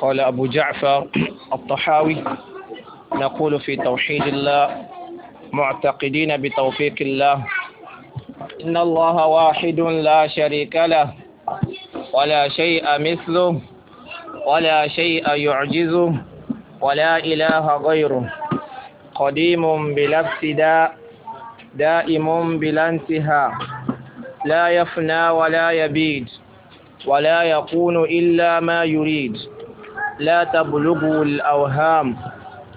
قال أبو جعفر الطحاوي نقول في توحيد الله معتقدين بتوفيق الله إن الله واحد لا شريك له ولا شيء مثله ولا شيء يعجزه ولا إله غيره قديم بلا ابتداء دائم بلا انتهاء لا يفنى ولا يبيد ولا يكون إلا ما يريد لا تبلغه الأوهام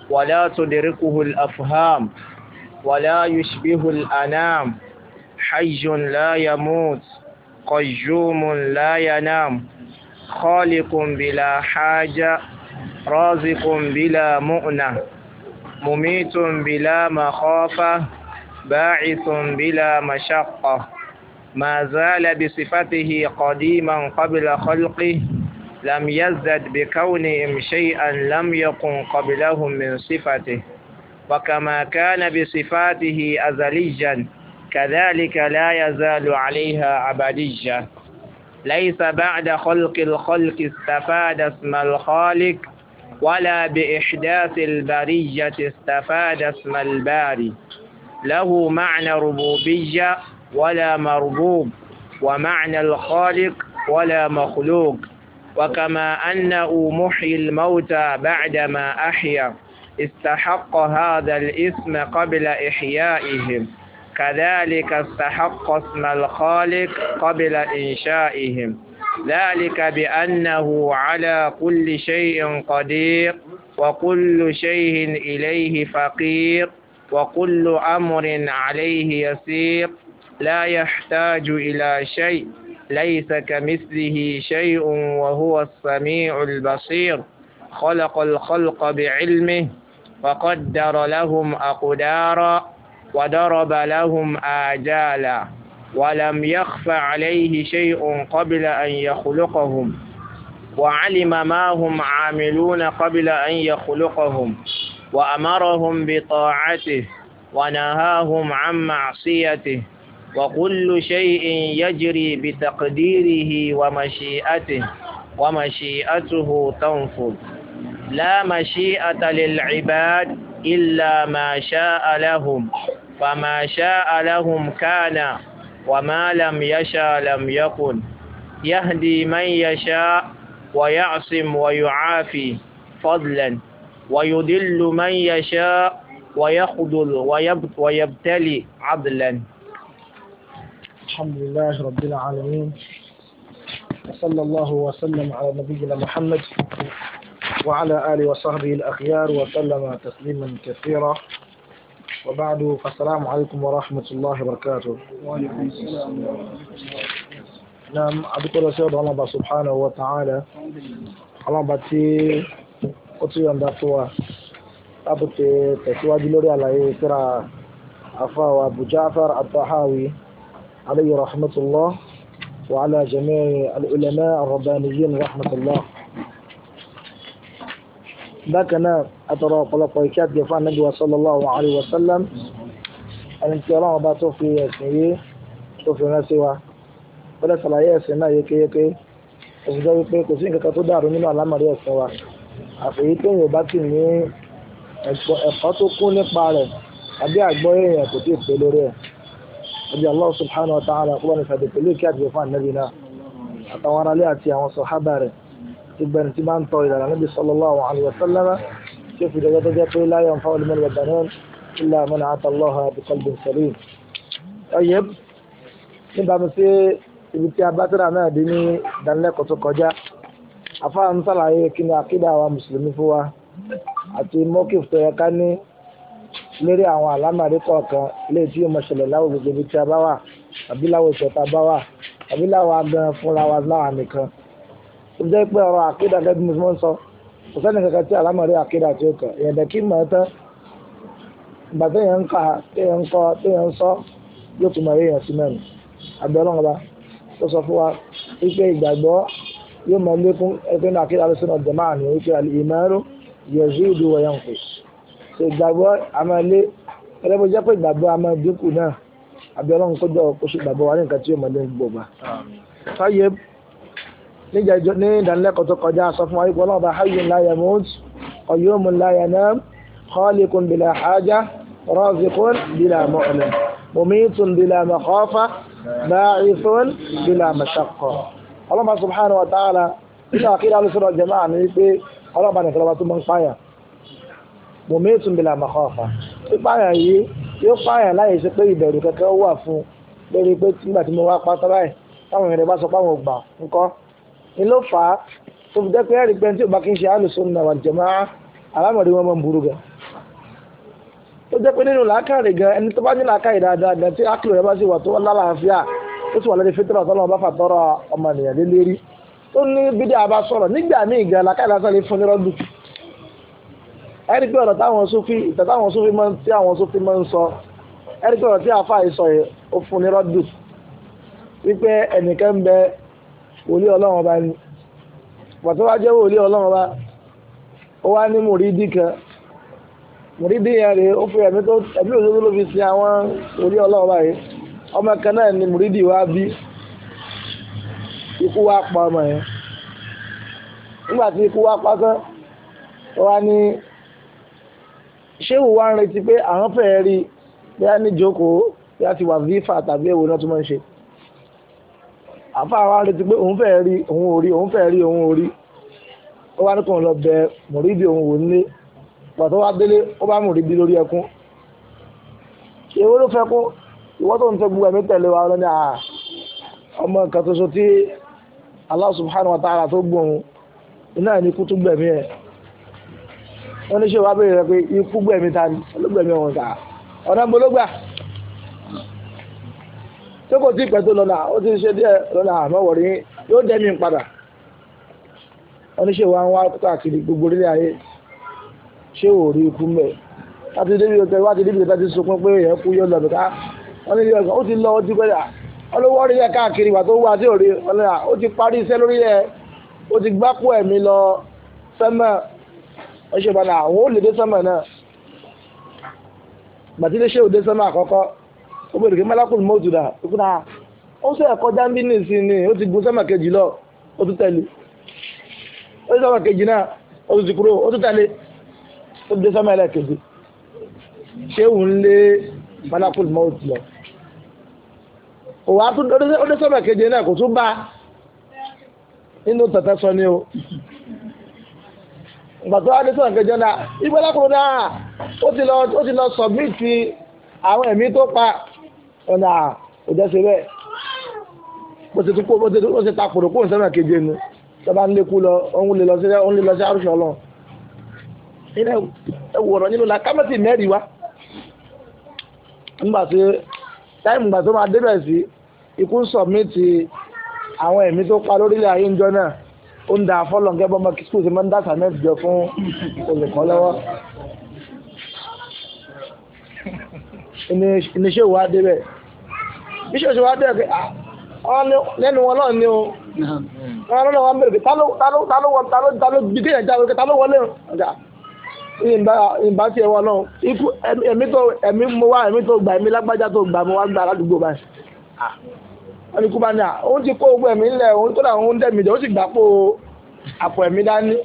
ولا تدركه الأفهام ولا يشبه الأنام حي لا يموت قيوم لا ينام خالق بلا حاجة رازق بلا مؤنة مميت بلا مخافة باعث بلا مشقة ما زال بصفته قديما قبل خلقه لم يزدد بكونهم شيئا لم يكن قبلهم من صفته وكما كان بصفاته أزليا كذلك لا يزال عليها أبديا ليس بعد خلق الخلق استفاد اسم الخالق ولا بإحداث البرية استفاد اسم الباري له معنى ربوبية ولا مربوب ومعنى الخالق ولا مخلوق وكما أنه محيي الموتى بعدما أحيا استحق هذا الاسم قبل إحيائهم كذلك استحق اسم الخالق قبل إنشائهم ذلك بأنه على كل شيء قدير وكل شيء إليه فقير وكل أمر عليه يسير لا يحتاج إلى شيء ليس كمثله شيء وهو السميع البصير خلق الخلق بعلمه وقدر لهم أقدارا وضرب لهم آجالا ولم يخف عليه شيء قبل أن يخلقهم وعلم ما هم عاملون قبل أن يخلقهم وأمرهم بطاعته ونهاهم عن معصيته وكل شيء يجري بتقديره ومشيئته ومشيئته تنفذ لا مشيئة للعباد إلا ما شاء لهم فما شاء لهم كان وما لم يشاء لم يكن يهدي من يشاء ويعصم ويعافي فضلا ويدل من يشاء ويخذل ويبتلي عدلا الحمد لله رب العالمين وصلى الله وسلم على نبينا محمد وعلى آله وصحبه الأخيار وسلم تسليما كثيرا وبعد فالسلام عليكم ورحمة الله وبركاته نعم أذكر سيد الله سبحانه وتعالى الله باتي أتيان داتوا أبتي تسواجي لوري على ترى إيه؟ أفا أبو جعفر الطحاوي عليه رحمة الله وعلى جميع العلماء الربانيين رحمة الله بكنا أترى طلب ويكات جفاء النبي صلى الله عليه وسلم الانتظار ما توفي اسمه توفي نسوه ولا صلاة يسمى يكي يكي òṣìṣẹ́ wípé kò sí nǹkan kan tó dàrú nínú àlámọ̀rí ẹ̀sìn wa àfẹ́yí téèyàn bá ti ní ẹ̀kọ́ tó kún nípa rẹ̀ àbí Allah subhanahu wa ta'ala kó bá ní sàdé pẹ̀lú kí àti ìfọ̀n ànábì náà àtàwọn aráalé àti àwọn sọ̀hábà rẹ̀ ti gbẹ̀rẹ̀ tí máa ń tọ́ ìlànà níbi sallallahu alaihi wa sallam tí ó fi dẹ́gbẹ́ tó jẹ́ pé la yanfa'u al-mal wa banun illa man ata Allaha bi qalbin lórí àwọn àlámàrí kọ̀ọ̀kan lè tí yóò mọ̀ṣẹ̀lẹ̀ láwọ̀ gbogbo ibi tí a bá wà àbí láwọ̀ ìṣẹ̀ta bá wà àbí láwọ̀ agan fúnra wa láwà nìkan. ó jẹ́ pé ọ̀rọ̀ àkídà gẹ́gẹ́ bí mo sọ kò sẹ́ni kankan tí àlámàrí àkídà tí ó kàn èèyàn dẹ̀kí mọ̀ ẹ́ tán ìgbà téèyàn ń kà téèyàn ń kọ téèyàn ń sọ yóò tún mọ̀ èèyàn sí mẹ́rin àbẹ̀rún ọba tó sọ fún wa wípé ìgbàgbọ́ yóò mọ̀ lékún ẹgbẹ́ náà àkídà lọ́sọ̀nà jẹ̀máà ní wípé al-imanu yazidu wa yanqus so ìgbàgbọ́ àmọ́ ilé ẹ̀rẹ́ bó jẹ́ pé ìgbàgbọ́ àmọ́ dínkù náà àbí ọlọ́run kó jọ kó ṣe ìgbàgbọ́ wa ní nǹkan tí yóò mọ̀lẹ́ gbogbo ọba. fáyé níjàjọ ní ìdánilẹ́kọ̀ọ́ tó kọjá sọ fún wa wípé ọlọ́run bá hayyun la yamut qayyumun la yanam khaliqun bila haja raziqun bila mu'na mumitun bila makhafa ba'ithun bila mashaqqa. ọlọ́run subhanahu wa ta'ala mọ́ mọ̀mẹ́tún bìlà màkọ́fà pípààyàn yìí yóò pààyàn láyè sí pé ìbẹ̀rù kẹ̀kẹ́ wà fún lórí pé nígbà tí mo wá pátá báyìí táwọn èèyàn bá sọ pé àwọn ògbà ńkọ́ ni ló fà á tó fi jẹ́ pé ẹ̀rí pé tí ò bá kí n ṣe àlùsọ nà wà jẹ̀mọ́ alámọ̀dé wọn máa ń burú gan tó jẹ́ pé nínú làákàrè gan ẹni tó bá ní làákàrè dáadáa gan tí ákìlò rẹ bá sì wà tó lálàáfíà tó sì wà lórí fítírà tó lọ́wọ́ bá fàtọ́rọ̀ ọmọnìyàn lé lérí tó ní bídíà bá sọ̀rọ̀ nígbà míì gan làákàrè lásán lè fún nírọ́dù ẹni pé ọ̀nà táwọn sufi ìtàn táwọn sufi máa ń tí àwọn sufi máa ń sọ ẹni pé ọ̀nà tí àfa ìsọ yìí ó fún ní rọ́dù wípé ẹnìkan bẹ wòlíì ọlọ́run ọba ni pàtó wá jẹ́ wòlíì ọlọ́run ọba ó wá ní mùrídì kan mùrídì yẹn rèé ó fi ẹ̀mí tó ẹ̀mí òṣèlú ló fi sin àwọn wòlíì ọlọ́run ọba yìí ọmọ kan náà ni mùrídì wá bí ikú wá pa ọmọ yẹn nígbà tí ikú wá pa tán ó wá ní ṣéwù wa ń retí pé àwọn fẹ́ẹ́ rí bí a ní jókòó bí a ti wà fífà tàbí èwo náà tó máa ń ṣe àfa wa ń retí pé òun fẹ́ẹ́ rí òun ò rí òun fẹ́ẹ́ rí òun ò rí ó wá ní kò ń lọ bẹ mùrídìí òun wò nílé pàtó wá délé ó bá mùrídìí lórí ẹkún èwo ló fẹ́ kó ìwọ́n tó ń fẹ́ gbogbo ẹ̀mí tẹ̀lé wa lọ́ni àà ọmọ nǹkan tó so tí Allah subhanahu wa ta'ala tó gbóhun iná ní kú tó gbẹ̀mí ẹ̀ wọ́n ní ṣèwà bèrè rẹ pé ikú gbẹ̀mí ta ni olóògbẹ̀mí ọ̀hún ta ọ̀nà gbológbà tó kò tí ì pẹ́ tó lọ́nà ó ti ṣe díẹ̀ lọ́nà àmọ́wọ̀rí yóò dẹ́mi padà wọ́n ní ṣèwà ń wá káàkiri gbogbo orílẹ̀ ayé ṣé ò rí ikú mẹ́ láti débi ọ̀tẹ̀ wá ti débi ọ̀tẹ̀ ti sunkún pé èèyàn kú yóò lọ bìká wọ́n ní ọ̀gá ó ti lọ ó ti pẹ́ dà ọlọ́wọ́ rí yẹ káàkiri wà tó wá sí òrí ọlọ́dà ó ti parí iṣẹ́ lórí yẹ ó ti gbápò ẹ̀mí lọ sẹ́mẹ̀ wọ́n ṣe padà àwọn olè dé sánmà náà gbàtílé ṣé òde sánmà àkọ́kọ́ ó gbèrè kí mẹ́lákùn mọ́tò dà ikú náà ó sọ ẹ̀kọ́ dáńbí ní ìsìn ni ó ti gun sánmà kejì lọ ó tún tẹ̀lé ó ti sánmà kejì náà ó ti kúrò ó tún tẹ̀lé ó ti dé sánmà ẹlẹ́kejì ṣé òun lé mẹ́lákùn mọ́tò lọ òwò àtún ó dé sánmà kejì náà kò tún bá nínú tẹ̀tẹ̀ sọ ni o. gbàtọ́ adéṣọ́ kẹjọ náà ìgbẹ́ lákùnrin náà ó ti lọ ó àwọn ẹ̀mí tó pa ọ̀nà òjẹ́ ṣe bẹ́ẹ̀ ti kó ó ti ta keje nu ń lékú lọ òun lè lọ sí òun lè lọ sí lọ. ilé nínú la kámẹ́tì mẹ́rin wa nígbà tí táìmù gbà máa débẹ̀ sí ikú sọ̀mìtì àwọn ẹ̀mí tó pa lórílẹ̀ ayé ó ń da fọ́lọ̀ gẹ́gẹ́ bọ́mọ kí skul ṣe máa ń dàsà mẹ́fì jọ fún olùkọ́ lọ́wọ́. ìníṣẹ́ ìwà débẹ̀ bíṣọ̀ ṣe wá débẹ̀ lẹ́nu wọn náà ni o wọn náà wọn bèrè pé ta ló ta ló ta ló ta ló bí kéèyàn jáwé ta ló wọlé ọjà ìbá tiẹ̀ wọn náà ikú ẹ̀mí tó ẹ̀mí mo wá ẹ̀mí tó gbà ẹ̀mí lágbájá tó gbà mo wá gbà aládùúgbò báyìí wọ́n ní kú bá ní à ó ti kó ogun ẹ̀mí ńlẹ̀ òun tó làwọn ń dẹ̀mí jẹ́ ó sì gbà pò àpò ẹ̀mí dání.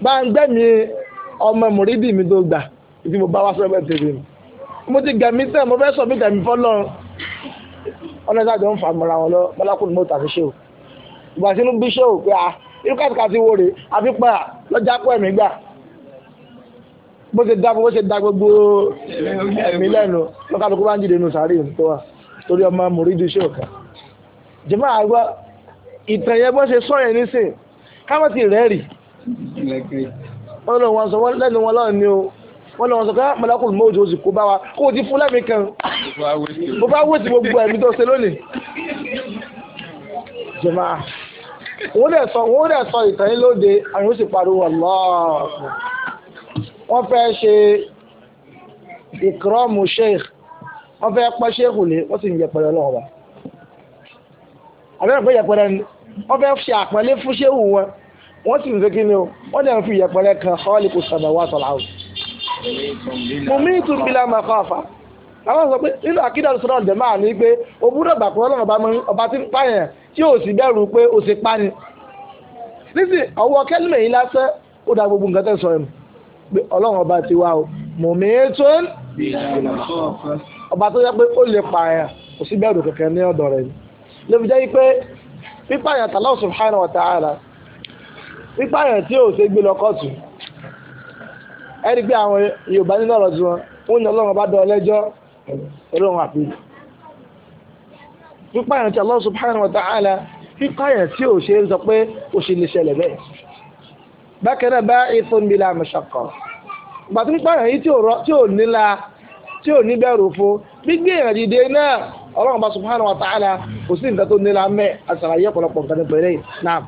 gbangbẹ́mi ọmọ mùrídìí mi tó gbà tí mo bá wá sọ́dọ̀ bẹ́ẹ̀ tèmi mo ti gẹ̀mí tẹ̀ mo fẹ́ sọ mí gẹ̀mí fọ́lọ́run ọ̀nà ìsájọ́ ń fa mọ́ra wọn lọ bọ́lákùnrin mọ́ta fi ṣe o ìgbà sínú bí ṣe o pé a ah, irú kàtìkàtì wo rèé àfi pa lọ́jà pọ̀ ẹ̀mí gbà bó ṣe dá bó ṣe dá gbogbo ẹ̀mí lẹ́nu lọ́kàlùkù bá ń jìde nù sàárè tó wà torí ọmọ mòrídìí ṣe ọ̀kà jẹ́mọ́ àgbà ìtàn bó ṣe sọ yẹn nísìn káwọn ti rẹ́ rì wọ́n lọ wọn sọ wọ́n lẹ́nu wọn lọ́rùn ni o wọ́n lọ wọn sọ pé mọ̀lẹ́kùn mọ́jọ oṣù kó bá wa kó o ti fún lẹ́mí kan mo bá wé ti gbogbo ẹ̀mí tó ṣe lónìí jẹ́mọ́ àwọn ò dẹ̀ sọ ìtàn yín lóde àwọn ò sì pariwo wọ́n fẹ́ ṣe ìkírọ́mù sheikh wọ́n fẹ́ pọ́ sheikh lé wọ́n sì ń yẹpẹrẹ ọlọ́run wa àbẹ́rẹ́ pé yẹpẹrẹ ni wọ́n fẹ́ ṣe àpọ́nlé fún sheikh wọn wọ́n sì ń ṣe kíni o wọ́n dẹ̀ ń fi yẹpẹrẹ kan họ́ọ̀lì kò sọ̀rọ̀ wá sọ̀rọ̀ àwọn. mo mí tún bí lámà kọ́ àfà àwọn sọ pé nínú àkídà sọ̀rọ̀ ọ̀dẹ̀ máa ní pé o gbúdọ̀ gbà pé ọlọ́run ọba ti ń pààyàn tí o sì bẹ̀rù pé o sì pa ni. nísìnyí ọwọ́ kẹ́límẹ̀ yìí lásán ó da gbogbo nǹkan tẹ̀ sọ ẹ̀ nù ọlọ́run ọba ti wá o mọ̀mí tó ń ọba tó yẹ pé ó lè pààyàn kò sí bẹ́ẹ̀rù kẹ̀kẹ́ ní ọ̀dọ̀ rẹ̀ ni ló fi jẹ́ pé pípààyàn tàlá subhanahu wa ta'ala pípààyàn tí ò ṣe gbé lọ kóòtù ẹni pé àwọn Yorùbá nínú ọ̀rọ̀ tiwọn wọ́n ní ọlọ́run ọba dán ọlẹ́jọ́ ọlọ́run àfi pípààyàn tàlá subhanahu wa ta'ala pípààyàn tí ò ṣe sọ pé ó bákan náà bá ìfún bí láàmú ṣọkọ gbàtú ń pààyàn yìí tí ò nílá tí ò ní bẹ̀rù fún gbígbé èèyàn dìde náà ọlọ́run bá subhanahu wa ta'ala kò sí nǹkan tó nílá mẹ́ àṣàlàyé ọ̀pọ̀lọpọ̀ nǹkan ní pẹ̀lẹ́ náà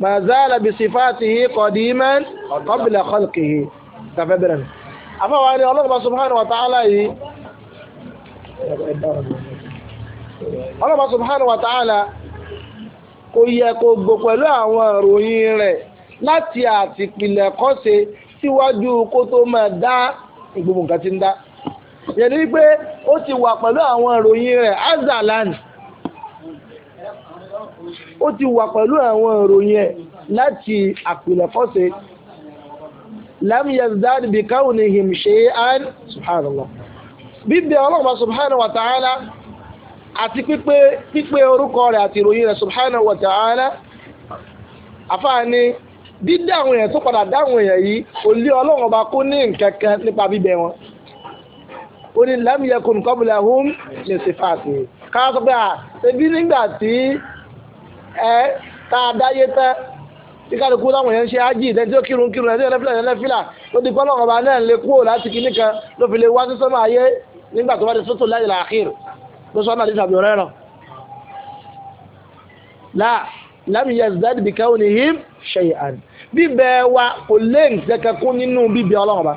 mazala bisifatihi qadiman qabla khalqihi tàfẹ́ bẹ̀rẹ̀ àfọwọ́ ni ọlọ́run bá subhanahu wa ta'ala yìí ọlọ́run bá subhanahu wa ta'ala kò yẹ kó gbò pẹ̀lú àwọn ìròyìn rẹ̀ láti àtìpìlẹ̀ kọ́ṣe síwájú kó tó máa dá gbogbo nǹkan tí ń dá yẹn ni pé ó ti wà pẹ̀lú àwọn ìròyìn rẹ̀ azalan ó ti wà pẹ̀lú àwọn ìròyìn ẹ̀ láti àpìlẹ̀ kọ́ṣe lam yazdad bi kawnihim shay'an subhanallah bíbí ọlọ́run subhanahu wa ta'ala àti pípé pípé orúkọ rẹ̀ àti ìròyìn rẹ̀ subhanahu wa ta'ala àfáà dídá àwọn èèyàn tó padà dá àwọn èèyàn yìí kò lé ọlọ́run ọba kó ní nǹkan nípa bíbẹ wọn ó ní lámìyẹkùn kọ́bùlà hum lè ṣe fàṣẹ ká sọ pé à ṣebí nígbà tí ẹ tá a dáyé tán tí kálukú láwọn èèyàn ń ṣe ájì lẹ́ni tí ó kírun kírun lẹ́ni tí ó lẹ́fìlà lẹ́ni lẹ́fìlà ó di pọ́lọ́run ọba náà lè kúrò láti kíní kan ló fi lè wá sí sọ́mọ ayé nígbà tó bá di sọ́tò láyé làákìr ló sọ́nà àdìsàbí lam yazdad bi kawnihim shay'an bíbẹ̀ wa kò lé nǹkan kún nínú bíbẹ̀ ọlọ́run ba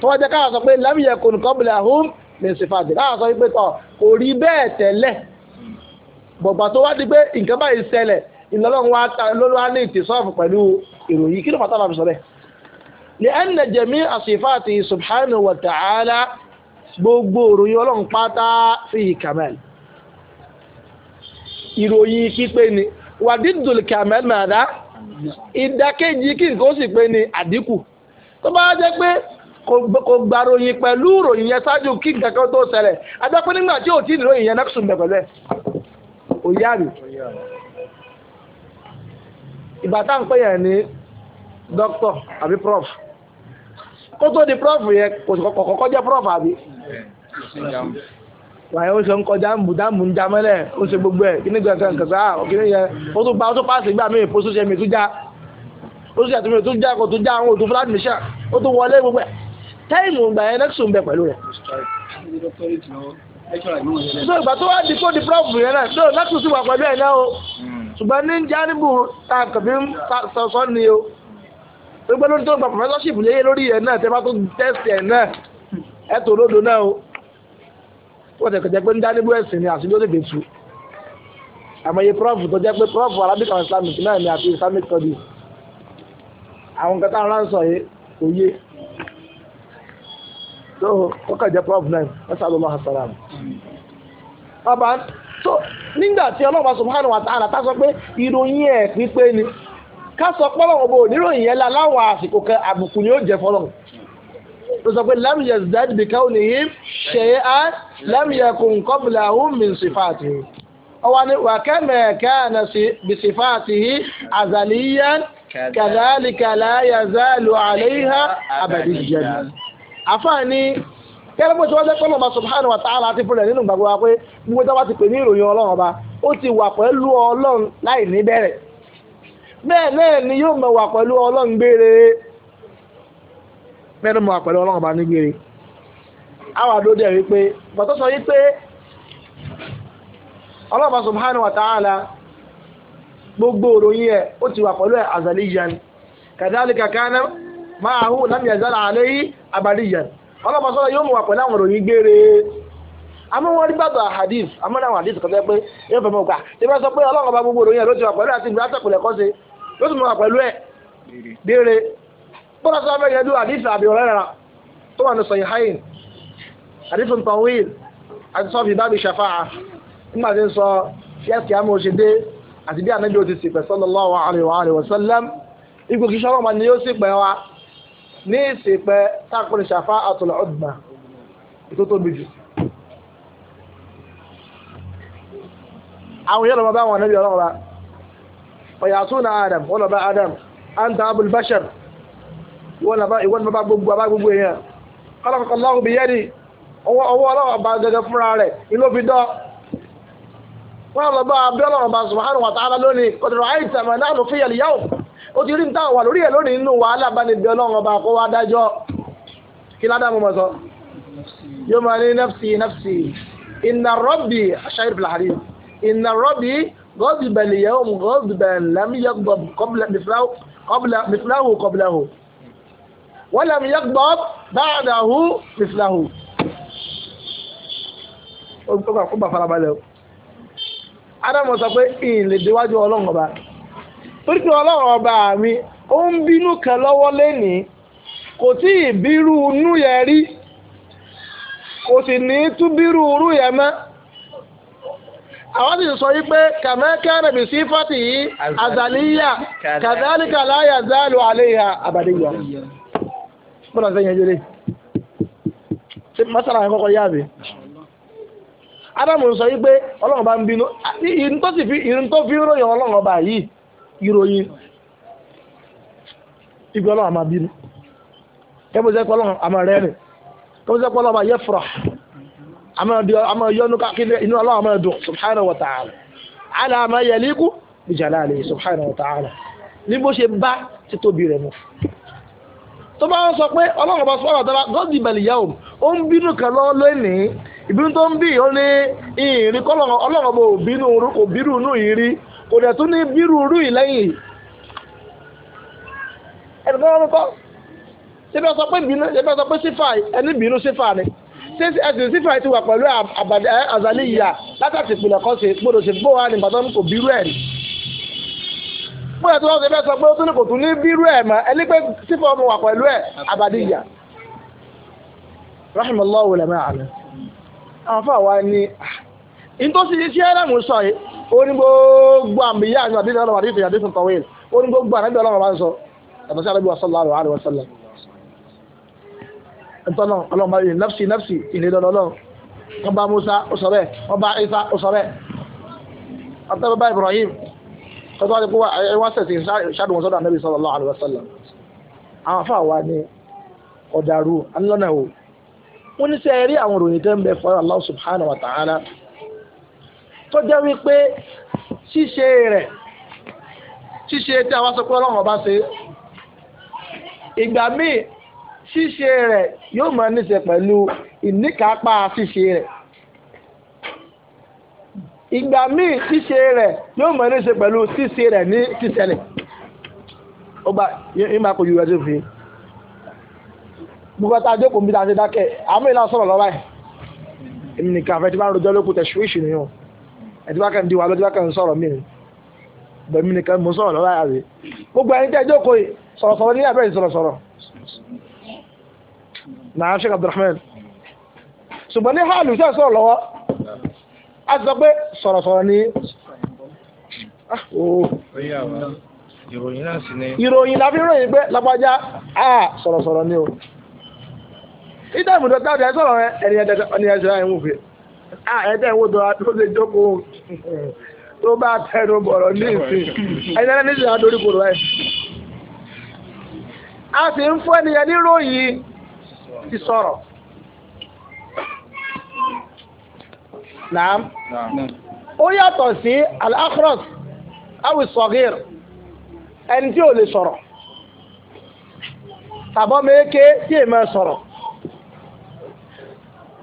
tọ́wọ́ jẹ́ káwọn sọ pé lam yakun qablahum min sifati káwọn sọ pé tọ̀ kò rí bẹ́ẹ̀ tẹ́lẹ̀ bọ̀gbà tó wá di pé nǹkan báyìí ṣẹlẹ̀ ìlọ́lọ́run wa ta lórí wa ní ìtìsọ́ọ̀fù pẹ̀lú ìròyìn kí ló fàtà láti sọ bẹ́ẹ̀ ní ẹnna jẹ̀mí àsìfáàtì subhanahu wa ta'ala gbogbo ìròyìn ọlọ́run pátá fi kamal ìròyìn kípé ni wàdídùn kàmẹ́lì màdá ìdákejì kí nǹkan ó sì pé ni àdínkù tó bá jẹ́ pé kò gbàròyìn pẹ̀lú ìròyìn yẹn ṣáájú kí nǹkan kan tó ṣẹlẹ̀ adápẹ́ nígbà tí ò tí ì ròyìn náà sùn bẹ̀rẹ̀ pẹ̀lú ẹ̀ ń pè yẹn ní dókítọ̀ àbí prof kó tó di prof yẹn kò kọ́kọ́ jẹ́ prof àbí wàyẹ ó ṣe ń kọ jáàmù jáàmù ń jamẹ́lẹ̀ ó ṣe gbogbo ẹ̀ kí ní gbẹ̀ngàn kẹsà kí ní yẹ ó tún pa ó tún paasi ìgbà míì pósí ṣe mi tún já ó sì àtúnmí tún já kó tún já àwọn òtún fúlàní níṣà ó tún wọlé gbogbo ẹ̀ táìmù ìgbà yẹn nexus ń bẹ pẹ̀lú rẹ̀. so ìgbà tó wá di kó di prọ́fù yẹn náà so nexus sì wà pẹ̀lú ẹ̀ náà o ṣùgbọ́n ní jáníbù ta kàbí sọ̀sọ́ ni o gbogbo ló ń tó gba professorship lé test ẹ̀ náà ẹ̀ tó tó wọ́n tẹ̀kọ̀jẹ́ pé ń dánilú ẹ̀sìn ni àti ló tètè tu àmọye prof tó jẹ́ pé prof arabic and islamic náà ni àti islamic studies àwọn nǹkan táwọn ránṣọ yìí kò yé tó ó kàn jẹ́ prof náà wọ́n sábà lọ́wọ́ hasalam. bàbá tó nígbà tí ọlọ́run subhanahu wa ta'ala tá sọ pé ìròyìn ẹ̀ pípé ni ká sọ pé ọlọ́run bò níròyìn yẹn láwọn àsìkò kan àbùkù ni ó jẹ́ fọlọ́run ló sọ pé lam yazdad bi kawnihim shay'an lam yakun qablahum min sifatihi ọwọ́ ni wa kama kana bi sifatihi azaliyan kadhalika la yazalu alayha abadiyan. àfààní kẹ́lẹ́ bó ti wá jẹ́ pé ọlọ́ba subhanahu wa ta'ala ti fúnlẹ̀ nínú gbàgbọ́ wa pé gbogbo tó bá ti pè ní ìròyìn ọlọ́run ọba ó ti wà pẹ̀lú ọlọ́run láì ní bẹ̀rẹ̀ bẹ́ẹ̀ náà ni yóò máa wà pẹ̀lú ọlọ́run gbére mẹ́rin mọ́ àpẹẹrẹ ọlọ́run bá nígbèrè àwọn àdó dẹ̀ wípé bàtọ́ sọ wípé ọlọ́run bá subhanahu wa gbogbo òròyìn ẹ̀ ó ti wà pẹ̀lú ẹ̀ azaliyan ma'ahu lam yazal alayhi abadiyan ọlọ́run bá sọ yóò mú wà àwọn òròyìn gbére àmọ́ wọ́n rí bàbá hadith àmọ́ náà ya bọ́lá tó bá yẹn dúró àdìsí àbí ọ̀rẹ́ra tó wà ní sọ̀yìn hayin àdìsí ntọ̀wíl àti sọ́ọ̀fì bábí ṣàfáà nígbà tí ń sọ fíẹ́sì àmọ́ òṣèdè àti bí ànábì òtítì pẹ̀ sallallahu alaihi wa sallam ipò kí sọ́rọ̀ ma ni yóò sì pẹ́ wa ní ìsìpẹ́ tákùnrin ṣàfá àtọ̀lọ̀ ọ̀dùnà tó tóbi jù. àwọn yẹ́lọ́mọ bá wọn ànábì ọlọ́mọba ọ̀yà àtúnà Adam ọlọ́ba Adam anta abul bashar ìwọ ni bàbá gbogbo bàbá gbogbo èèyàn kọ́lọ́kọ́kọ́ lọ́hùn bí yẹ́nì ọwọ́ ọlọ́wọ́ bá gẹ́gẹ́ fúnra rẹ̀ inú fi dán wọ́n lọ bá abiola ọba subhanahu wa ta'ala lónìí kòtòrò àìsàmà náà ló fìyà lìyàwó ó ti rí ní táwọn wà lórí ẹ̀ lónìí nínú wàhálà bá ní biola ọba kó wá dájọ́ kí ládàá mọ̀ sọ. yóò máa ní nafsi nafsi inna rabbi aṣáájú bìlà àríyá inna rabbi gọ́ọ̀dì bẹ̀lì yẹ̀wò gọ́ọ̀dì bẹ̀lì lámìyẹ́ gọ́ọ̀dì kọ́bìlà mìfìláwò kọ́bìlà walam yaghdab ba'dahu mislahu ó gbà farabalẹ̀ o adamu sọ pé ìyìn lè déwájú ọlọ́run ọba torí pé ọlọ́run ọba mi ó ń bínú kan lọ́wọ́ lénìí kò tí ì bírú inú yẹn rí kò sì ní tún bírú irú yẹn mọ́ àwọn sì sọ yí pé kàmẹ́kẹ́ rẹ̀bì sí fati yìí azaliya kàdálíkà láyà zálù àléyà àbàdéyà. bọ́lá ń fẹ́ yẹn jẹ́lé ṣé yẹn kọ́kọ́ yá àbí. ọla sọ yí pé bá ń bínú tó fi ròyìn ọba yìí ìròyìn ibi ọlọ́run àmà bínú kẹ́mi sẹ́ pé àmà rẹ́rìn kẹ́mi ya pé àmà yẹ́fọ̀rọ̀ àmà yọnu káàkiri inú ọlọ́run àmà dùn subhanahu wa ta'ala ala subhanahu wa ta'ala bó ṣe tó bá ń sọ pé ọlọ́run ọba sọ́wọ́n àdára gọ́ọ̀dì o ó ń bínú kan lọ́wọ́ lónìí ìbínú tó ń bì ó ní ìrìn kọ́ ọlọ́run ọba òbínú kò bírù inú yìí kò dẹ̀ tún ní bírù rú ìlẹ́yìn tó kọ́ sọ pé bínú sọ pé sífà ẹni bínú sífà ni ẹsìn sífà ti wà pẹ̀lú ìpìlẹ̀ fún ẹtí wọn ṣe fẹ́ sọ pé ó tún ní kò tún ní bírú ẹ̀ mọ́ ẹni pé sífọ ọmọ wà pẹ̀lú ẹ̀ abadíyà rahimallahu lẹmọ àná àwọn fún àwa ni ah, ntòsí iṣẹ́ ẹ̀rẹ́mù sọ yìí ó ní gbogbo àmì yá àti àdéhùn ọlọ́wọ́ àdéhùn àdéhùn tọ̀wé ó ní gbogbo àmì ọlọ́wọ́ bá ń sọ ẹ̀bùn sí àdébùwà sọ́lá àrùn àrùn sọ́lá ntọ́nà ọlọ́mọ yìí nafsi nafsi ìlédọ́lọ́lọ́ wọ́n bá Musa ó bẹ́ẹ̀ wọ́n bá Isa ó bẹ́ẹ̀ wọ́n bá Ibrahim tọ́tọ́ wá ní pé ẹ wá sẹ̀sìn ṣáàdùn wọn sọ́dọ̀ ànábì sallallahu alaihi wasallam àwọn afá wa ni ọ̀dàrú anlọ́nà o wọ́n ní sẹ́ rí àwọn ìròyìn tẹ́ ń bẹ fún Allah subhanahu wa ta'ala tó jẹ́ wípé ṣíṣe rẹ̀ ṣíṣe tí a sọ pé ọlọ́run ọba ṣe ìgbà míì ṣíṣe rẹ̀ yóò máa níṣe pẹ̀lú ìníkàápá ṣíṣe rẹ̀ ìgbà míì ṣíṣe rẹ̀ yóò mọ̀ ní ṣe pẹ̀lú ṣíṣe rẹ̀ ní ṣíṣẹlẹ̀ ó bá yín máa kó yorùbá tó fi gbogbo àtàjọ kò ń bí dáadé dákẹ́ àmì ìlànà sọ̀rọ̀ lọ́wọ́ ẹ̀ èmi nìkan àfẹ́ tí wọ́n rojọ́ lókun tẹ̀ ṣúwìṣì ni o ẹ̀dí wákà ń di wa lọ́dí wákà ń sọ̀rọ̀ mí bẹ̀mí nìkan mo sọ̀rọ̀ lọ́wọ́ àrè gbogbo ẹni tẹ́ jókòó sọ̀rọ̀sọ̀rọ̀ ní abẹ́rẹ́ sọ̀rọ̀sọ̀rọ̀ náà Sheikh Abdulrahman ṣùgbọ́n ní hàlù tẹ́ sọ̀rọ̀ lọ́wọ́ a sọ pé sọ̀rọ̀sọ̀rọ̀ ni. Ah, ìròyìn náà sì ni. ìròyìn la fi ròyìn pé lọ́pọ̀já sọ̀rọ̀sọ̀rọ̀ ni o. ìdá ìmùdó táwọn ẹ̀ sọ̀rọ̀ ẹni ẹ̀ ṣẹlẹ̀ ẹ̀mú fi ẹ̀ẹ́dẹ̀ ìwò tó ṣe jókòó tó bá tẹnu bọ̀rọ̀ ní ìsìn ẹ̀yìn ẹ̀rẹ́ níṣẹ́ àdórí kò rọ̀ ẹ̀. a sì ń fún ẹnìyẹn níròyìn ti sọ̀rọ̀. naam ó yàtọ̀ sí al-akhras awi sọ̀gìr ẹni tí ò lè sọ̀rọ̀ tàbọ̀ mẹ́kẹ́ tí èèmọ̀ sọ̀rọ̀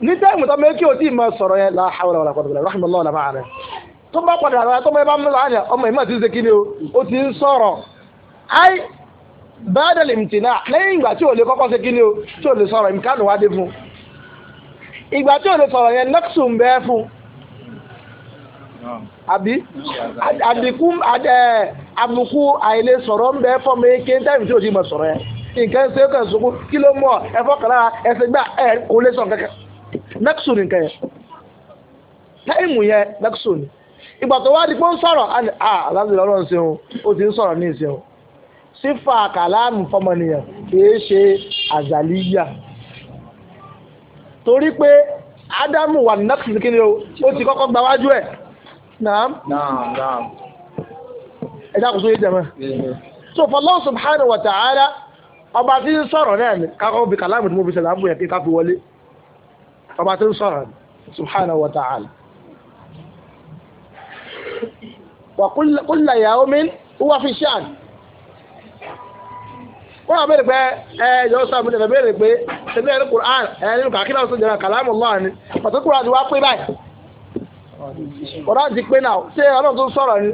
ní tẹ́ẹ̀mù tó mẹ́kẹ́ ò tí èèmọ̀ sọ̀rọ̀ yẹn la hawla wala quwwata illa billah rahimahullah la ma'ana tó bá padà rà tó bá mú láàyè ọmọ ìmọ̀ tí ń ṣe kíni o ó ti ń sọ̀rọ̀ ai ba'da al-imtina lẹ́yìn ìgbà tí ò lè kọ́kọ́ ṣe kíni o tí ò lè sọ̀rọ̀ ìmìkánu wá dé fún ìgbà tí ò lè sọ̀rọ̀ yẹn nọ́ọ̀sù ń fún àbí àdìkú àbùkù àìlè sọ̀rọ̀ ń bẹ fọ́ọ̀mù eke ní táìmù tí o ti mọ̀ sọ̀rọ̀ yẹn nǹkan ṣe é kàn sunkún kí ló mọ̀ ẹ̀fọ́ kàrà ẹ̀sẹ̀ gbà ẹ̀ kò lè sọ̀rọ̀ kankan nẹ́kṣù nìkan yẹn táìmù yẹn nẹ́kṣù ni ìgbà tó wá di pé ó ń sọ̀rọ̀ à ah, aláàbìlẹ̀ ọlọ́run ṣe o ó ti ń sọ̀rọ̀ ní ìṣe o sífà kàlámù fọmọnìyàn kìí ṣe àzàlíyà torí pé ádámù wà nọ́ọ̀sì kí ni o ó ti kọ́kọ́ gbáwájú ẹ̀ naam naam ẹ̀dá kò sóye jẹ́mọ́ so fọlọ́ subhanahu wa ta'ala ọba tí ń sọ̀rọ̀ náà ni kákọ́ bí kàlámù tí mo fi ṣẹlẹ̀ àbúyẹ kí ká fi wọlé ọba tí ń sọ̀rọ̀ subhanahu wa ta'ala wa kulla yawmin huwa fi sha'n wọ́n àbẹ̀rẹ̀ pé ẹ yọ sọ àmì ìdàbẹ̀rẹ̀ pé ṣẹlẹ̀ ẹ̀rọ kùrán ẹ̀ nínú kàkínà ọ̀sán jẹ́ra kàlámù Allah ni pàtó kùrán ti wá pé báyìí ọ̀rá ti pé náà ṣé ọlọ́run tó sọ̀rọ̀ ni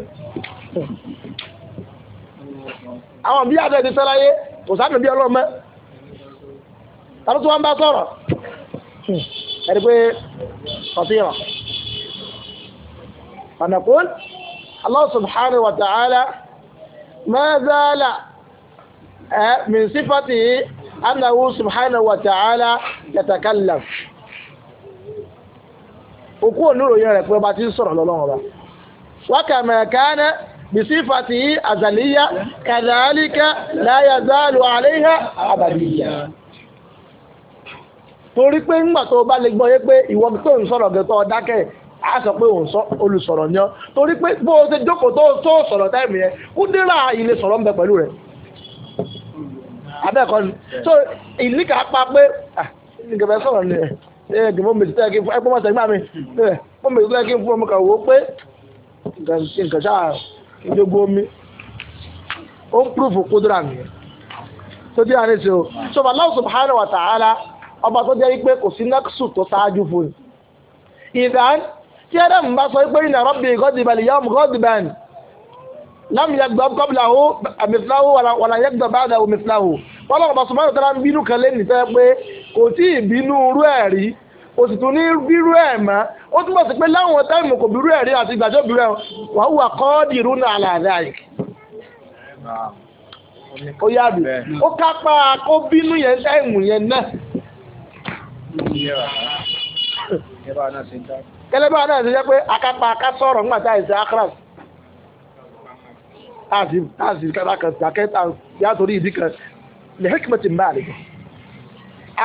àwọn bí àdó ẹni sẹ́láyé kò sáà bí ọlọ́run mẹ́ tàbí tí wọ́n bá sọ̀rọ̀ ẹni pé kọ̀síyàn فنقول الله سبحانه وتعالى ما زال من صفته أنه سبحانه وتعالى يتكلم òkú oníròyìn rẹ̀ pé ọba tí ń sọ̀rọ̀ lọ́lọ́run ọba. wákàmẹ̀ kánẹ́ bisifati azaliya kadhalika la yazalu alaiha abadiya. torí pé bá lè gbọ́ yé pé ìwọ tó ń sọ̀rọ̀ a sọ pé òun sọ olùsọ̀rọ̀ torí pé bó ṣe jókòó tó tó sọ̀rọ̀ pé ah ẹ gbọ́n mi tẹ́lẹ̀ kí n fún ẹ gbọ́n mọ̀tẹ́ gbà mí ẹ gbọ́n mi tẹ́lẹ̀ kí n fún ọmọ kan wò ó pé nǹkan ṣáà ìjogbo omi ó ń púrúfù kúdúrà nìyẹn tó dé àárín sí o sọba Allah subhanahu wa ta'ala ọba tó jẹ́ pé kò sí nẹ́kṣù tó ṣáájú fún un ìdán tí ẹ̀dá mi bá sọ pé inna rabbi ghadiba al-yawma ghadiban lam yaghdab qablahu mithlahu wa la ọlọ́pàá sọmọ ìtara ń bínú kan lẹ́nu tẹ́ pé kò tí ì bínú o sì tún ní bírú ẹ̀ mọ́ ó túmọ̀ sí pé láwọn táìmù kò bírú ẹ̀ àti ìgbàjọ́ bírú wà wà wa náà ṣe jẹ́ pé akápá aká ńgbà àìsàn akras lè hikmeti ń bá àlè gan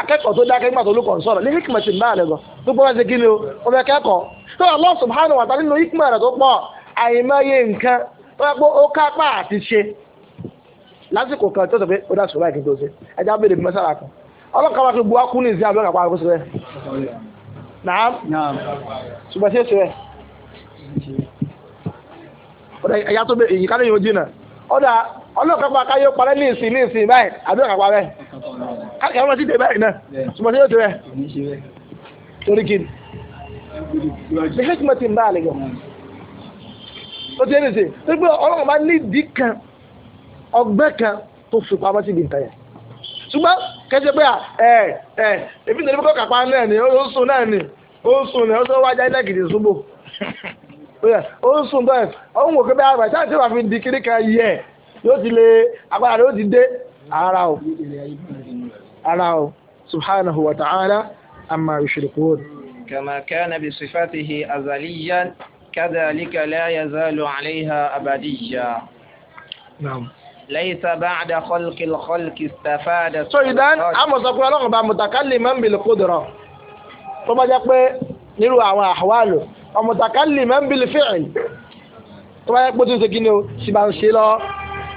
akẹ́kọ̀ọ́ tó dákẹ́ nígbà tó ló kàn sọ̀rọ̀ lè hikmeti ń bá àlè gan tó gbọ́dọ̀ ṣe kíni o ó fẹ́ kẹ́kọ̀ọ́ tó Allah subhanahu wa ta'ala nínú hikma rẹ̀ tó pọ̀ àyèmáyé nǹkan tó yẹ pé ó kápá àti ṣe lásìkò kan tó sọ pé ó dá sùúrù àìkí tó ṣe ẹja bèèrè bí mẹ́sàrà kan ọlọ́kan wa fi ọ̀dà ọlọ́kàpá káyọ̀ parẹ́ ní ìsìn ní ìsìn báyìí àbí ọ̀kàpá rẹ̀ káàkiri ọmọ ti dé báyìí náà ṣùgbọ́n tí yóò ti rẹ̀ torí kí ni hekima ti ń bá àlejò ó ti ẹni sè é pé ọlọ́kàpá ní ìdí kan ọgbẹ́ kan tó fi pamọ́ síbi nǹkan yẹn ṣùgbọ́n kẹ́sẹ̀ pé ẹ ẹ èmi tẹ̀lé kọ́kàpá náà ni ó sùn náà ni ó sùn náà ó sọ wájà ilẹ̀ gidi ṣubú ó ń sùn tọ́yẹ̀ ó ń wò pé bẹ́ẹ̀ àgbàṣà tí wàá fi di kiri kan yẹ yóò ti lè agbára rẹ̀ ó ti dé ara o ara o subhanahu wa ta'ala amma yushrikun. كما كان بصفته أزليا كذلك لا يزال عليها أبديا نعم ليس بعد خلق الخلق استفاد so idan àmọ́ sọ pé Ọlọ́run bá bil qudra tó bá jẹ́ pé nírú àwọn àhwálù mutakalliman bil fi'l tó bá yẹ kó tó ń ṣe kí ni o sì bá ń ṣe lọ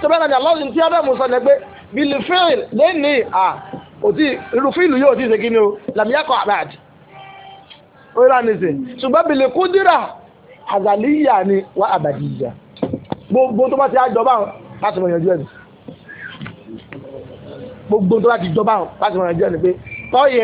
tó bá yẹ kí alọ́ọ̀sì tí ádámù sọ ni pé bil fi'l lẹ́nìí à òtí irú fíìlù yóò ti ṣe kí ni o làmìyàkọ̀ àbáàdì ó rà ní sìn ṣùgbọ́n bil qudra àzàlíyà ni wà àbàdìyà gbogbo tó bá ti àjọba láti mọ̀ yànjú ẹ̀dùn gbogbo tó bá ti jọba láti mọ̀ yànjú ẹ̀dùn pé tọ́yẹ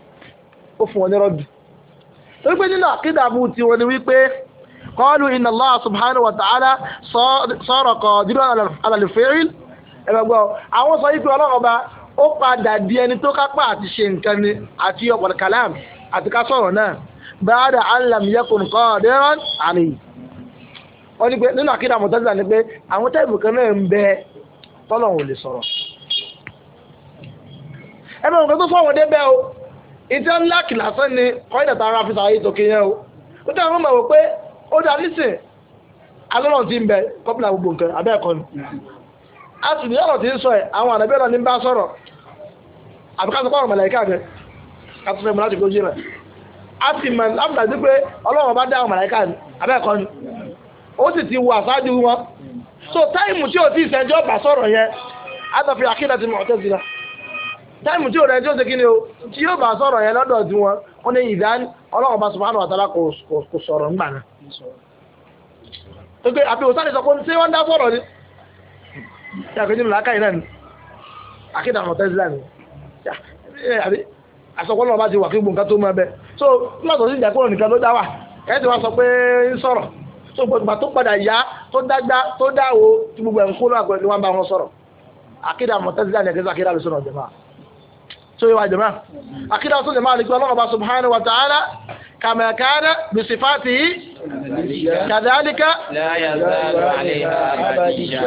ó fún wọn ní rọ́bì wípé nínú àkídà mú ti wọn ni wípé kọ́ọ̀lù inna Allah subhanahu wa ta'ala sọ̀rọ̀ kọ̀ dídọ́ alàlùfẹ́rìl ẹ̀gbẹ́gbọ́ àwọn sọ wípé ọlọ́run ọba ó padà di ẹni tó kápá àti ṣe nǹkan ni àti ọ̀pọ̀lọpọ̀ kàlám àti ká sọ̀rọ̀ náà báyàdà alam yẹkùn qadiran àní. wọ́n ní pé nínú àkídà mọ̀tẹ́sílà ni pé àwọn táìpù kan náà ń bẹ tọ́lọ̀ wọn ò lè sọ̀rọ̀ ẹ ìjọ ńlá ni kọ́ńdà tá a ra fi sàáyé sókè yẹn o ó dẹ́ àwọn ọmọ ó dá nísìn ti ń bẹ kọ́pìlà gbogbo nǹkan abẹ́ ẹ̀kọ́ ni a sì ní ọ̀rọ̀ tí ń sọ ẹ̀ àwọn àdàbí ọ̀rọ̀ bá sọ̀rọ̀ pọ̀ kátó fẹ́ láti gbójú rẹ̀ a sì mọ̀ pé ọlọ́run bá abẹ́ ẹ̀kọ́ ni ó ti so táìmù tí òrẹ́ tí ó ṣe kí ni o tí yóò bá sọ̀rọ̀ yẹn lọ́dọ̀ tí wọn ó ní ìdán ọlọ́run bá subhanahu wa ta'ala kò sọ̀rọ̀ ńgbà náà. pé àbí òsán lè sọ pé ṣé wọ́n dá sọ̀rọ̀ ni. yàtọ̀ nínú làákàyè náà ni akéde àwọn tẹ́sílà ni àbí àsọpọ̀ náà bá ti wà kí gbòǹkà tó máa bẹ. so nígbà tó ti jà kúrò nìkan ló dá wà ẹ̀ ti sọ pé ń sọ̀rọ̀ so gbogbo tó padà yá tó dágbá tó dáwó tí gbogbo ẹ̀ ń kó náà ni wọ́n bá wọn sọ̀rọ̀ akéde àwọn tẹ́sílà ni ẹ̀kẹ́ sórí wa jẹ̀mọ́ akídà tó lè máa lè gbé ọlọ́run ọba subhanahu wa ta'ala kama kana bi sifatihi kadhalika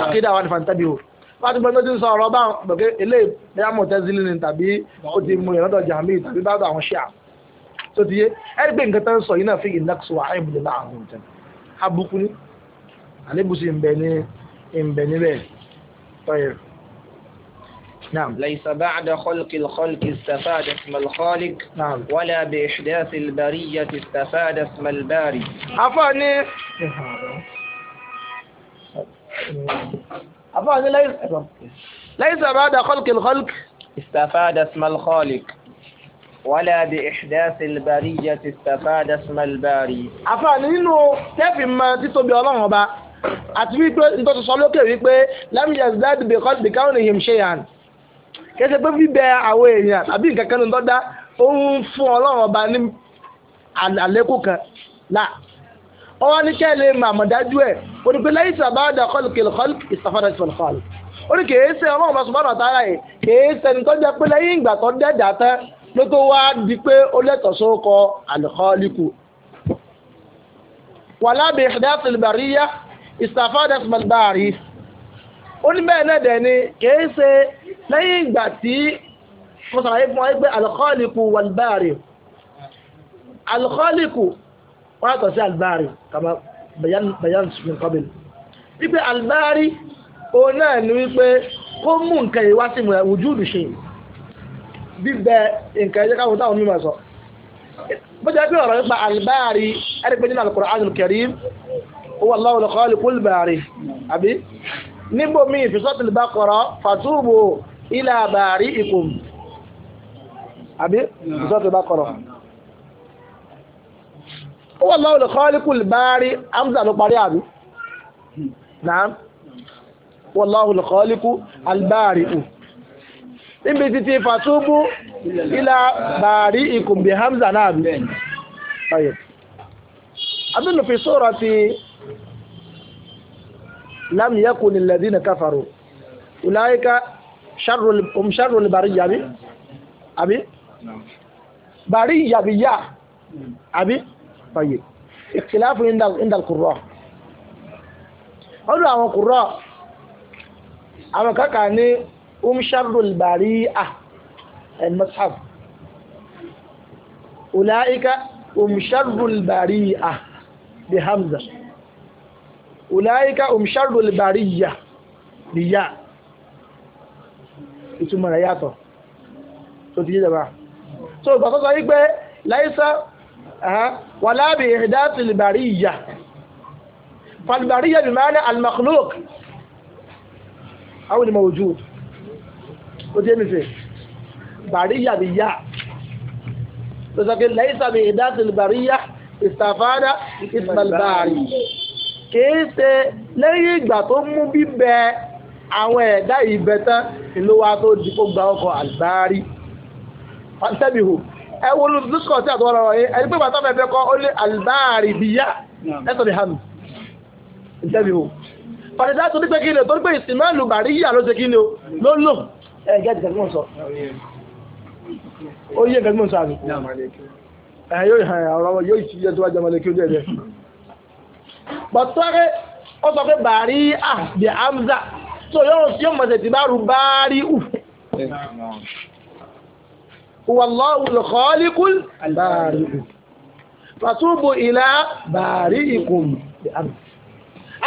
akídà wa ni fantabi o wọ́n ti gbọ́dọ̀ tí ń sọ ọ̀rọ̀ bá gbọ̀gẹ́ ilé ìyàmọ̀ tẹ́sílì ni tàbí ó ti mú ìrọ́dọ̀ jàmí tàbí bá àwọn ṣíà tó ti yé ẹ̀rí pé nǹkan tó sọ yìí náà fi ìnáksọ àìbùdó láàrin ìtàn abúkú ní àlébùsí ìbẹ̀ ní ìbẹ̀ níbẹ̀ tọ́yẹ̀. نعم ليس بعد خلق الخلق استفاد اسم الخالق نعم ولا بإحداث البرية استفاد اسم الباري أفاني أفاني ليس ليس بعد خلق الخلق استفاد اسم الخالق ولا بإحداث البرية استفاد اسم الباري أفاني إنه تفهم ما تتبع الله àti wípé nítorí sọ lókè wípé lẹ́mìyàn zed bìkan bìkan ní him ṣe yàn kẹsẹ̀ pé bíbẹ àwọn èèyàn àbí nǹkan kan tó dá ó ń fún ọlọ́run ọba ní àlékún kan là ọwọ́ ní kẹ́ lè mà mọ̀ dájú ẹ̀ ó ní pé lẹ́yìn sábà dà kọ́lù kìlù kọ́lù ìsàfàdà ti fọ̀lù kọ́lù ó ní kèé sẹ́ ọlọ́run ọba subhanahu wa ta'ala yìí kèé sẹ́ni tó jẹ́ pé lẹ́yìn ìgbà tó dẹ́dà tán ló tó wá di pé ó lẹ́tọ̀ sóko àlùkọ́líkù wàlábì ìdáfẹ̀lbàríyá ìsàfàdà ti fọ̀lù báàrí ó ní bẹ́ẹ̀ náà dẹ̀ ni kìí ṣe lẹ́yìn ìgbà tí mo sàlàyé fún wa pé alkhaliku walbari alkhaliku wọ́n yàtọ̀ sí albari kama bayan min qabil wípé albari òun náà ni wípé kó mú nǹkan yìí wá sí mọ̀ wùjúdù ṣe bíbẹ nǹkan ẹ̀jẹ̀ káwọn táwọn mímọ̀ sọ bó jẹ́ pé níbòmí fi suratul Baqara fatubu ila bari'ikum àbí fi suratul Baqara ó wà lọ́wọ́ lọ́kọ́líkùl báárí amza ló parí àbí náà wà lọ́wọ́ lọ́kọ́líkù albáárí ù níbi títí fàtúbù ilá báárí ikùn bí hamza náà bí ọyẹ lam yakun alladhina kafaru ulaika sharrul um sharrul bariyya bi abi bariyya bi ya abi tayyib ikhtilafu inda inda alqurra ọdún àwọn qurra àwọn kaka ni um sharrul bariyya al-mushaf ulaika um sharrul bariyya bi hamza ulaika umsharu libariya riya ìtumọ̀ rẹ̀ yàtọ̀ tó ti yé dàbà so ìgbà tó sọ yí pé láìsá wà lábì ìdáàtì libariya falibariya bí máa ní almakhluk àwọn ìmọ̀ ojú ó ti yé mi fèé bariya bi ya to sake laisa bi idatil bariya istafada ismal kìí ṣe lẹ́yìn ìgbà tó mú bíbẹ àwọn ẹ̀dá ìbẹ tán gba ọkọ̀ àlùbárí fàtẹ́bìhù ẹ wo lùdíkọ̀ tí àtọwọ́ lọ́wọ́ yìí ẹni pé bàtà fẹ́ kọ́ ó lé àlùbárí bìyà ẹ̀sọ̀ bìhàn fàtẹ́bìhù fàtẹ́dá tó ní pé o tó ní pé ìsìnmọ́ ló ṣe o ló lò sọ bọ̀tọ́rẹ́ ó sọ pé bàárí à bí hamza tó yóò sí yóò mọ̀tẹ̀ tí bá rú bàárí ù. wàlọ́wù lọ́kọ́ọ́líkùn bàárí ù. fàtúbù ìlà bàárí ìkùn bí hamza.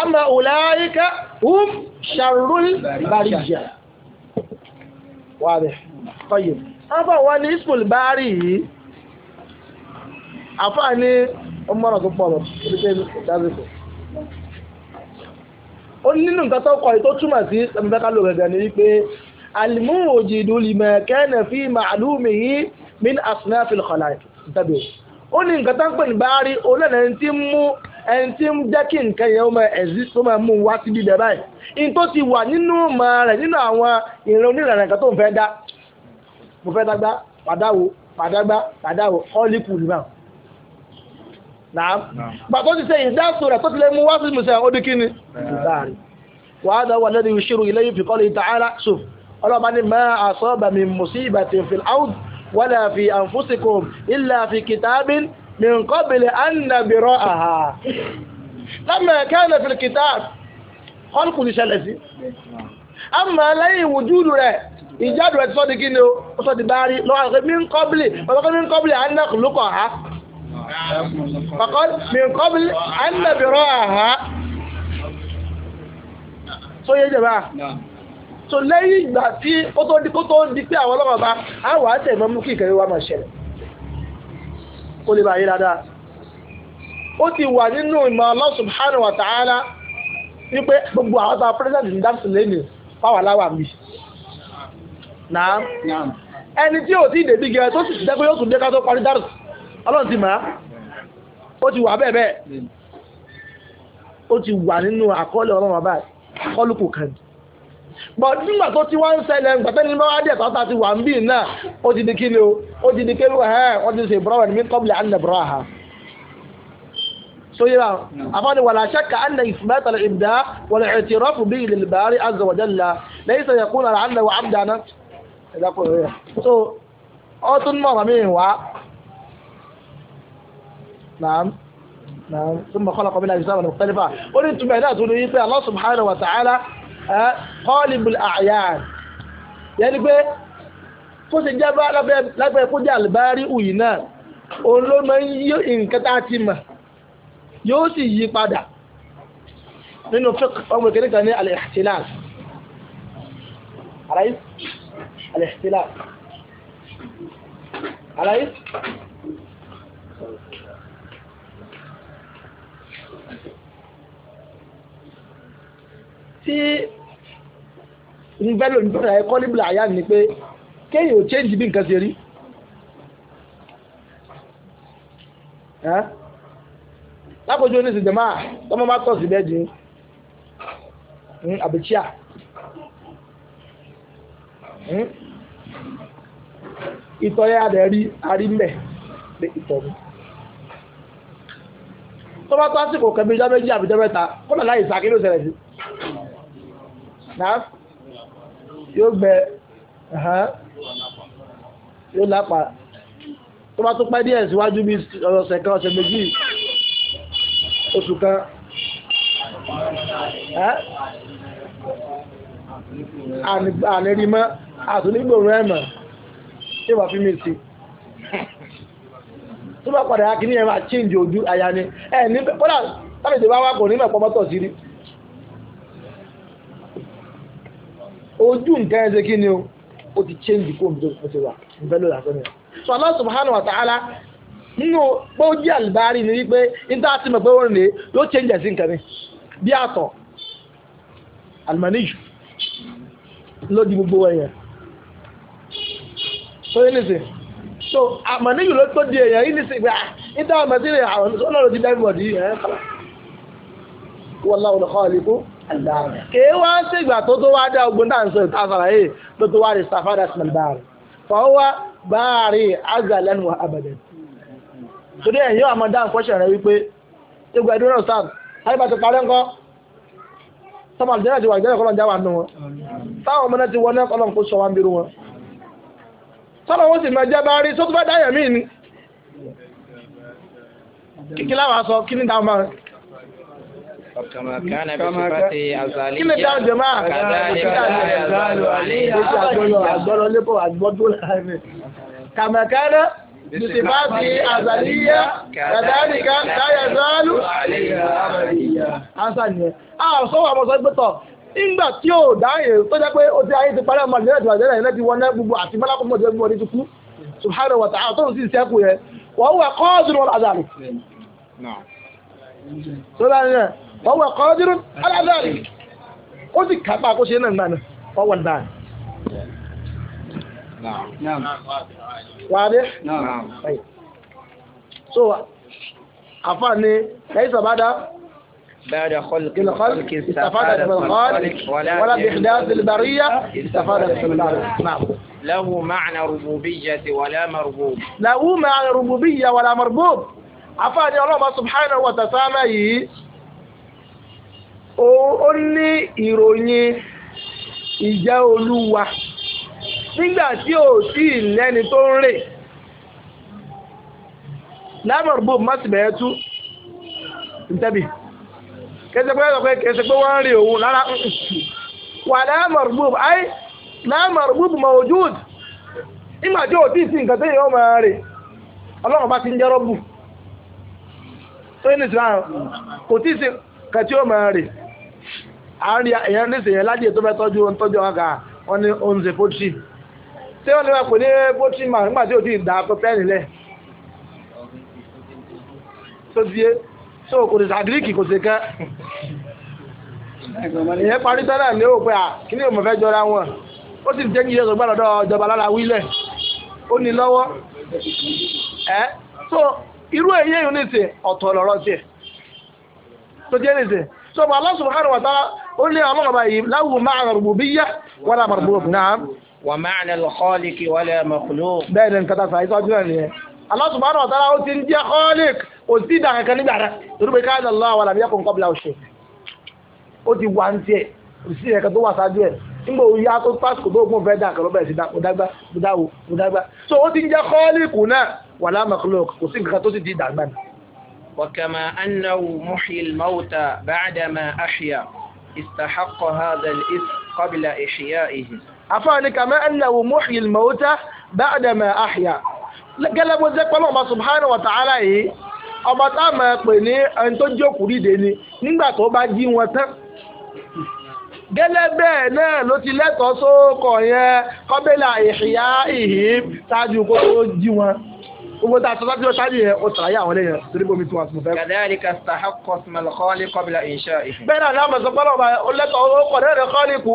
àmà ulaika hum sharrul bariyya. wàdí tọ́yìn. àfọ̀ wọn ni ismul bari yìí ni ó mọ̀nà tó pọ̀ lọ ibi tẹ́ ìdásíkò. ó nínú nǹkan tó kọ̀ tó túmọ̀ sí ẹ̀mẹ́kálò gẹ̀gẹ̀ ni wípé alimu òjìdú lìmọ̀ kẹ́nẹ̀ fi màálùmí yìí min asnaf al-khalaiq tàbí ó ní nǹkan tán pè ní báárí òun náà ẹni tí ń mú ẹni tí ń jẹ́ kí nǹkan yẹn ó máa exist ó máa mú wá síbi ibẹ̀ báyìí in tó ti wà nínú ọmọ rẹ̀ nínú àwọn ìran onílànà nǹkan tó ń fẹ́ dá mo fẹ́ dágbá pàdáwò pàdágbá pàdáwò ọ́líkù nìyàwó naam bàtọ́ ti sẹ́yìn dáàtò rẹ̀ tó ti lè mú wá sí musa ó di kíni láàrin wàá dá wà lẹ́nu ìṣirò ilé yìí fìkọ́ lè tààlà sùf ọlọ́ba ní ma asaba min musibatin fil ard wala fi anfusikum illa fi kitabin min qabli an nabra'aha lamma kana fil kitab kọ́lùkù ti ṣẹlẹ̀ sí àmọ́ lẹ́yìn wùjúdù rẹ̀ ìjáde rẹ̀ ti sọ́ di kíni o ó sọ́ فقال من قبل أن نبرأها so yé jẹ báà so lẹ́yìn ìgbà tí ó tó di kó tó di pé àwọn ọlọ́run ọba á wà á tẹ̀mọ́ mú kí ìkẹyẹ wa máa ṣẹlẹ̀ kó lè bá yé dáadáa ó ti wà nínú ìmọ̀ Allah subhanahu wípé gbogbo àwọn ọba president ní dáàbò lẹ́nu fáwọn mi ẹni tí ò tí ì dèbí gẹ tó sì dẹ́gbẹ́ yóò tún dé tó parí dáàbò ọlọ́run ti mà á ó ti wà bẹ́ẹ̀ bẹ́ẹ̀ ó ti wà nínú àkọọ́lẹ̀ ọlọ́run ọba kọ́lùkù kan bọ̀ nígbà tó ti wá ń ṣẹlẹ̀ nígbà tẹ́ni bá wá dé ẹ̀tọ́ ta ti wà ń bì náà ó ti di kí ni o ó ti di kí ni o ẹ̀ wọ́n ti ṣe ìbúrọ̀ wẹ̀ ní kọ́bìlì ànàbúrọ̀ àhà sóyè wa àfọwọ́n wàlá ṣẹ́ka ànà ìfúnbẹ́tà lè dá wọlé ẹ̀tì rọ́fù bí ilẹ̀ ìbárí azọ̀wọ̀dẹ́là lẹ́yìn sọ̀yẹ̀ kúnra ànà wà ábdàná ẹ̀dá kúrò so ọ tún mọ̀ mí wá نعم نعم ثم خلق kọ́lá kọ́mílá ìsìlámù ní mọ̀tẹ́lifà ó ní túmọ̀ ẹ̀dá àtúndì yìí pé Allah subhanahu wa ta'ala qalibul a'yan yẹni pé kó ṣe jẹ́ bá lábẹ́ kó jẹ́ àlùbárí ùyì náà òun ló máa ń yí nǹkan tá a ti mọ̀ yóò sì yí padà nínú fiqh ọmọ ìkíní kan ní al-ihtilal àlàyé al tí ń bẹ́lò ní tọ́jà ẹ̀kọ́ níbi àyà ni pé kéèyàn ò change bí nǹkan ṣe rí lápòjú oníṣẹ́ jẹ̀má tọ́mọ bá tọ̀ sí bẹ́ẹ̀ jìn àbẹ̀chíà ìtọ̀ yẹn adẹ̀ rí arí mbẹ̀ pé ìtọ̀ mi tọ́mọ tó àsìkò kẹ́mi ìjọba méjì àbíjọba mẹ́ta kọ́nà láì sàkínú ṣẹlẹ̀ sí i náà yóò gbẹ yóò lápá tó bá tún pẹ́ díẹ̀ síwájú bí ọ̀sẹ̀ kan ọ̀sẹ̀ méjì oṣù kan ànírímọ́ àtúnígbòrò ẹ̀mọ̀ tí wà fí mi sí tó bá padà yá kí ní ẹ̀mà change ojú àyà ni ẹ̀ ní kódà tábìlì bá wà kò ní mẹ̀pọ̀ mọ́tò sí rí ojú nǹkan ẹ̀ kí ni ó ti change kó omi tó ti wà nbẹ́ ló làásán yẹn. Allah subhanahu wa ta'ala nínú pé ó jẹ́ àlùbárí ni wípé níta ti mọ̀ pé ó rìn lé yóò change ẹ̀ sí nǹkan mi bí àtọ̀ almaniju ló di gbogbo ẹ̀yẹn tó yé nìsín so almaniju ló tó di ẹ̀yẹn yìí nìsín pé ah, níta àmọ́ sí ẹ̀yẹn àwọn ọlọ́run ti dá ìbọ̀dì yìí ẹ̀ kàlà wọ́n láwọn ọ̀dọ̀ kọ́ àlékún kèé wá ń ṣègbà tó tó wá dá ogun náà ń sọ ìta àṣàlàyé tó tó wá rí sàfádà sinmi báàrí fọwọ́ báàrí azalẹ́nu abẹ́dẹ́ torí ẹ̀yìn yóò máa dáhùn kọ́ṣẹ̀ rẹ wípé egbò ẹ̀dùn náà sáà ayé bá ti parẹ́ ńkọ́ sọmọ àlùjẹ́rẹ́ ti wà ìjẹ́rẹ́ kọ́lọ́ ń já wà nù wọn táwọn ọmọ náà ti wọ náà kọ́lọ́ kó sọ wá ń bírú wọn sọmọ wọn sì máa jẹ́ bá rí sótú fẹ́ dáyẹ̀ míì ni kíkí láwọn aṣọ kí كما كان بصفته أزالية كما كان جماعة كذلك لا يزال عليه كما كان بصفاته أزلية كذلك لا يزال عليه أبديا أحسن آه سوى مصيبته nígbà tí ò dáhìn tó jẹ́ pé ó ti ayé ti parí ọmọ ìdílé ìdílé ìdílé ìdílé ti wọn náà gbogbo àti bọ́lá kọ́mọ́ ìdílé gbogbo ti kú subhanahu wa ta'ala tó ń sì sẹ́kù yẹn wọ́n wà kọ́ọ̀sì wọn àdàlù. sọ́dọ̀ ni فهو قادر على ذلك قلت كما قلت kó المعنى náà gbà نعم واضح نعم طيب سوى عفاني ليس بعد بعد خلق الخلق استفاد من الخالق ولا بإحداث البرية استفاد من الخالق نعم له معنى ربوبية ولا مربوب له معنى ربوبية ولا مربوب عفاني الله سبحانه وتعالى ó ní ìròyìn ìjẹ́ olúwa nígbà tí ò sí ìlẹ́ni tó ń rè lámọ̀rún bò má sì bẹ̀ẹ́ tú ntẹ́bi kẹsẹ̀ pé ọ̀pẹ kẹsẹ̀ pé wọ́n ń rè òun lára wà lámọ̀rún bò ayé lámọ̀rún bò mawjud ìgbà tí ò sí ìsìn nǹkan tẹ́yìn ọmọ rè ọlọ́run bá ti ń jẹ́ rọ́bù tó ní ìsìn kò tí ì kàtí ọmọ rè àárí èèyàn nísìnyí yẹn lájẹ tó fẹ́ tọ́jú ohun tọ́jú ọ̀gá wọn ní ohun ṣe pọ́tì ṣé wọ́n lè máa pè ní pọ́tì mà nígbà tí ò tí ì da pẹ́pẹ́ nílẹ̀ tó di é so kò sì sàgíríkì kò sì kẹ́ ìyẹn parí tẹ́lẹ̀ ní òpin à kí ni òmò fẹ́ jọra wọn ó sì jẹ́ kí iye sọ̀gbọ́n lọ́dọ̀ ìjọba lára wílẹ̀ ó ní lọ́wọ́ ẹ́ so irú èyí èyí ní ọ̀tọ̀ lọ́rọ̀ tiẹ̀ tó jẹ́ nìsìn sọba Allah subhanahu wa ta'ala ó lé ọlọ́ọ̀bá yìí láwùjọ máa rọ̀bù bí yá wọ́n àmà rọ̀bù náà. wà máa ní lọ́kọ́lìkì wọlé mọ̀kúlù. bẹ́ẹ̀ ni nǹkan ta sàyí sọ́jú náà nìyẹn Allah subhanahu wa ta'ala ó ti ń jẹ́ kọ́lìk ó ti dàn kankan nígbà rẹ̀ torí pé káyọ̀ lọ́wọ́ àwọn àlàyé kò ń kọ́bìlà òṣè ó ti wà ń tiẹ̀ kò sí ẹ̀ka tó wà sáájú ẹ̀ nígbà òun yá tó pásítọ̀ tó gbọ́n fẹ́ dà kọ́ lọ́bẹ̀ sí dágbà dáwò dágbà so ó ti ń jẹ́ kọ́lìkù náà wàlá mọ̀kúlù kò sí nǹkan tó ti di dàgbà náà. وكما أنه محيي الموت بعدما أحيا استحق هذا الإثم قبل إحيائه أفعل كما أنه محيي الموت بعدما أحيا gẹ́lẹ́ bó jẹ́ pé ọlọ́ọ̀bá subhanahu wa ta'ala yìí ọba tá a máa pè ní ẹni tó jókòó dìde ni nígbà tó bá jí wọn tán gẹ́lẹ́ bẹ́ẹ̀ náà ló ti lẹ́tọ̀ọ́ sókọ̀ yẹn kọ́bílà ìhìyà ìhìn ṣáájú kó tó jí wọn gbogbo tá a bí ó ṣáájú yẹn ó sàlàyé àwọn eléyẹn torí bómi tí wọn sùn fẹ́. kàdáàlì ka sàhà kọsìmọ̀lì kọ́ọ̀lì kọ́bìlà ìṣá ìṣe. bẹ́ẹ̀ náà ni a mọ̀sán ọba ó lẹ́tọ̀ ó kọ̀ kọ́ọ̀lì kù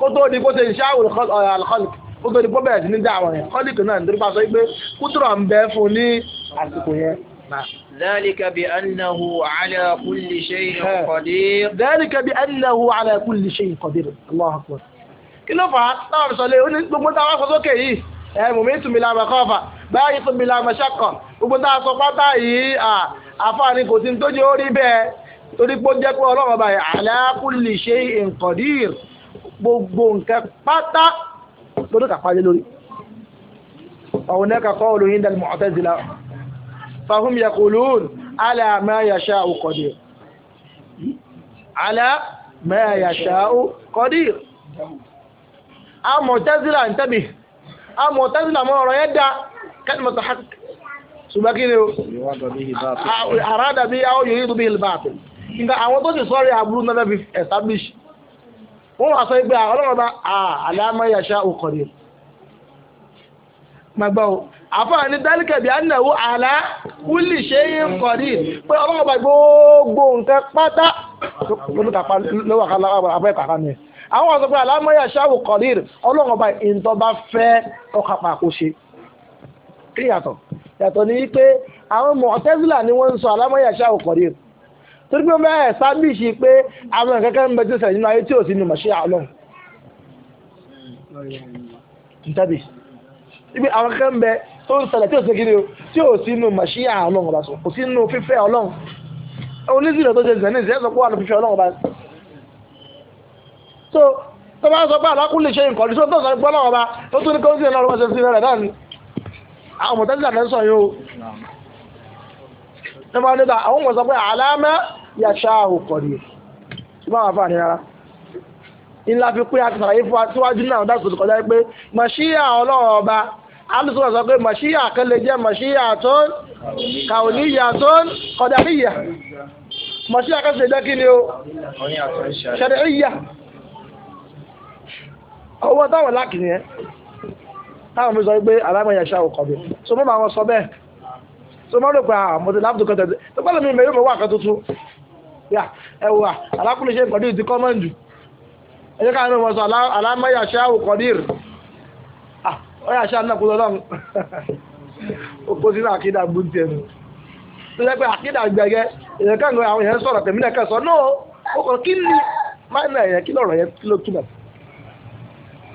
kó tó di kó ṣe ìṣá àlùkọ́ọ̀lì kó tó di kó bẹ̀rẹ̀ sí ní dáhùn yẹn kọ́ọ̀lì kù náà nítorí pàṣẹ pé kútùrọ̀ ń bẹ fún ní àsìkò yẹn. ذلك بأنه على كل شيء قدير ذلك بأنه على كل شيء قدير الله أكبر kí báyìí fún mi làwọn ṣàkàn gbogbo tá a sọ pátá yìí àfààní kò sí ní tó jẹ́ orí bẹ́ẹ̀ torí pé ó jẹ́ pé ọlọ́run ọba yìí ala kulli shay'in qadir gbogbo nǹkan pátá lórí kàpáyé lórí. ọ̀hún náà kakọ́ olóyin dal mu'tazila fahum yaqulun ala ma yasha'u qadir ala ma yasha'u qadir àmọ̀tẹ́sílà ń tẹ́bi àmọ̀tẹ́sílà mọ́ ọ̀rọ̀ yẹn dáa kalimatu haqq ṣùgbọ́n kí ni o àràdà bí àwọn yòóyè tó bí ìlbàtì nǹkan àwọn tó sì sọ́ọ̀rì àbúrú náà fi establish wọ́n wá sọ pé ọlọ́run bá àlàmà yàṣà òkòrè magbá o àfáà ní dálíkà bí anáwó àlá wúlì ṣe é ń kọ̀rí pé ọlọ́run bá gbogbo nǹkan pátá lóbìtà pa lọ́wọ́ àkàlà àbọ̀ ẹ̀kọ́ àkànnì àwọn ọ̀sọ̀ pé àlàmà yàṣà òkòrè ọlọ́run bá ìǹtọ́ bá fẹ́ ọkà pàkó ṣe kí yàtọ̀ yàtọ̀ ni wípé àwọn Mu'tazila ni wọ́n ń sọ alámọ̀yàṣá òkọ̀rí torí pé wọ́n bẹ́ẹ̀ sábìsì pé àwọn kankan ń bẹ tó sẹ̀yìn ayé tí ò sí ní màṣẹ́ àlọ́hùn ntabi ibi àwọn kankan ń bẹ tó ń ṣẹlẹ̀ tí ò sí kiri o tí ò sí ní màṣẹ́ àlọ́hùn ọba sọ kò sí nínú fífẹ́ ọlọ́hùn onídìrí tó ṣe zẹ̀ní ìṣẹ́ sọ pé wà ní fífẹ́ ọlọ́hùn ọba so tó bá sọ pé àlákùn lè ṣe nǹkan ní tó sọ pé ọlọ́hùn ọba tó tún ní kó ń sìn ọlọ́hùn ọba ṣe sí rẹ̀ náà àwọn mọ̀tẹ́sílà náà sọ yóò ní bá níta àwọn mọ̀ sọ pé àlámẹ́ yà ṣáàhù kọ̀dì ṣùgbọ́n àwọn àfààní rárá ńlá fi pé àti sàlàyé fún àtiwájú náà dákùn tó kọjá pé màṣíyà ọlọ́run ọba alùsọ̀rọ̀ sọ pé màṣíyà kan lè jẹ́ màṣíyà tó kí ni o ṣẹ̀dẹ̀ ìyà ọwọ́ táwọn lákìnyẹn táwọn mi sọ pé alámọ̀yà ṣá ò kọ̀bí so mọ́ máa wọn sọ bẹ́ẹ̀ so mọ́ rò pé àwọn ah, ti láàbùtò kan tẹ̀sí tó pẹ́lú mi mẹ́rin mi wà kan tuntun yà ẹ alákùnrin ṣe nǹkan dìrì ti kọ́mọ̀n jù ẹ jẹ́ káwọn ọmọ sọ alámọ̀yà ṣá ò kọ̀bí rì ah ọ̀yà ṣá náà kó lọ́dọ̀ kó sínú àkídà gbóǹtì ẹnu tó jẹ́ pé àkídà gbẹ̀gẹ́ èèyàn kan àwọn èèyàn sọ̀rọ̀ tẹ̀mílẹ̀ kan sọ náà kí ni máa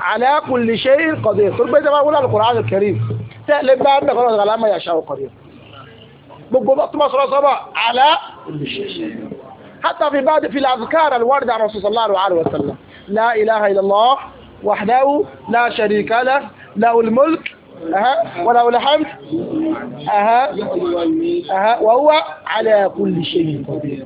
على كل شيء قدير torí pé sábà wọlé alukur'an alkarim tẹ́lẹ̀ bá ń bẹ̀rẹ̀ ọ̀dọ̀ aláma yàṣà ọ̀kọ̀dé gbogbo bá túmọ̀ sọ̀rọ̀ sọ́bà على كل شيء حتى في بعض في الأذكار الواردة عن رسول الله عليه وسلم لا إله إلا الله وحده لا شريك له له الملك أها وله الحمد أها أها وهو على كل شيء قدير.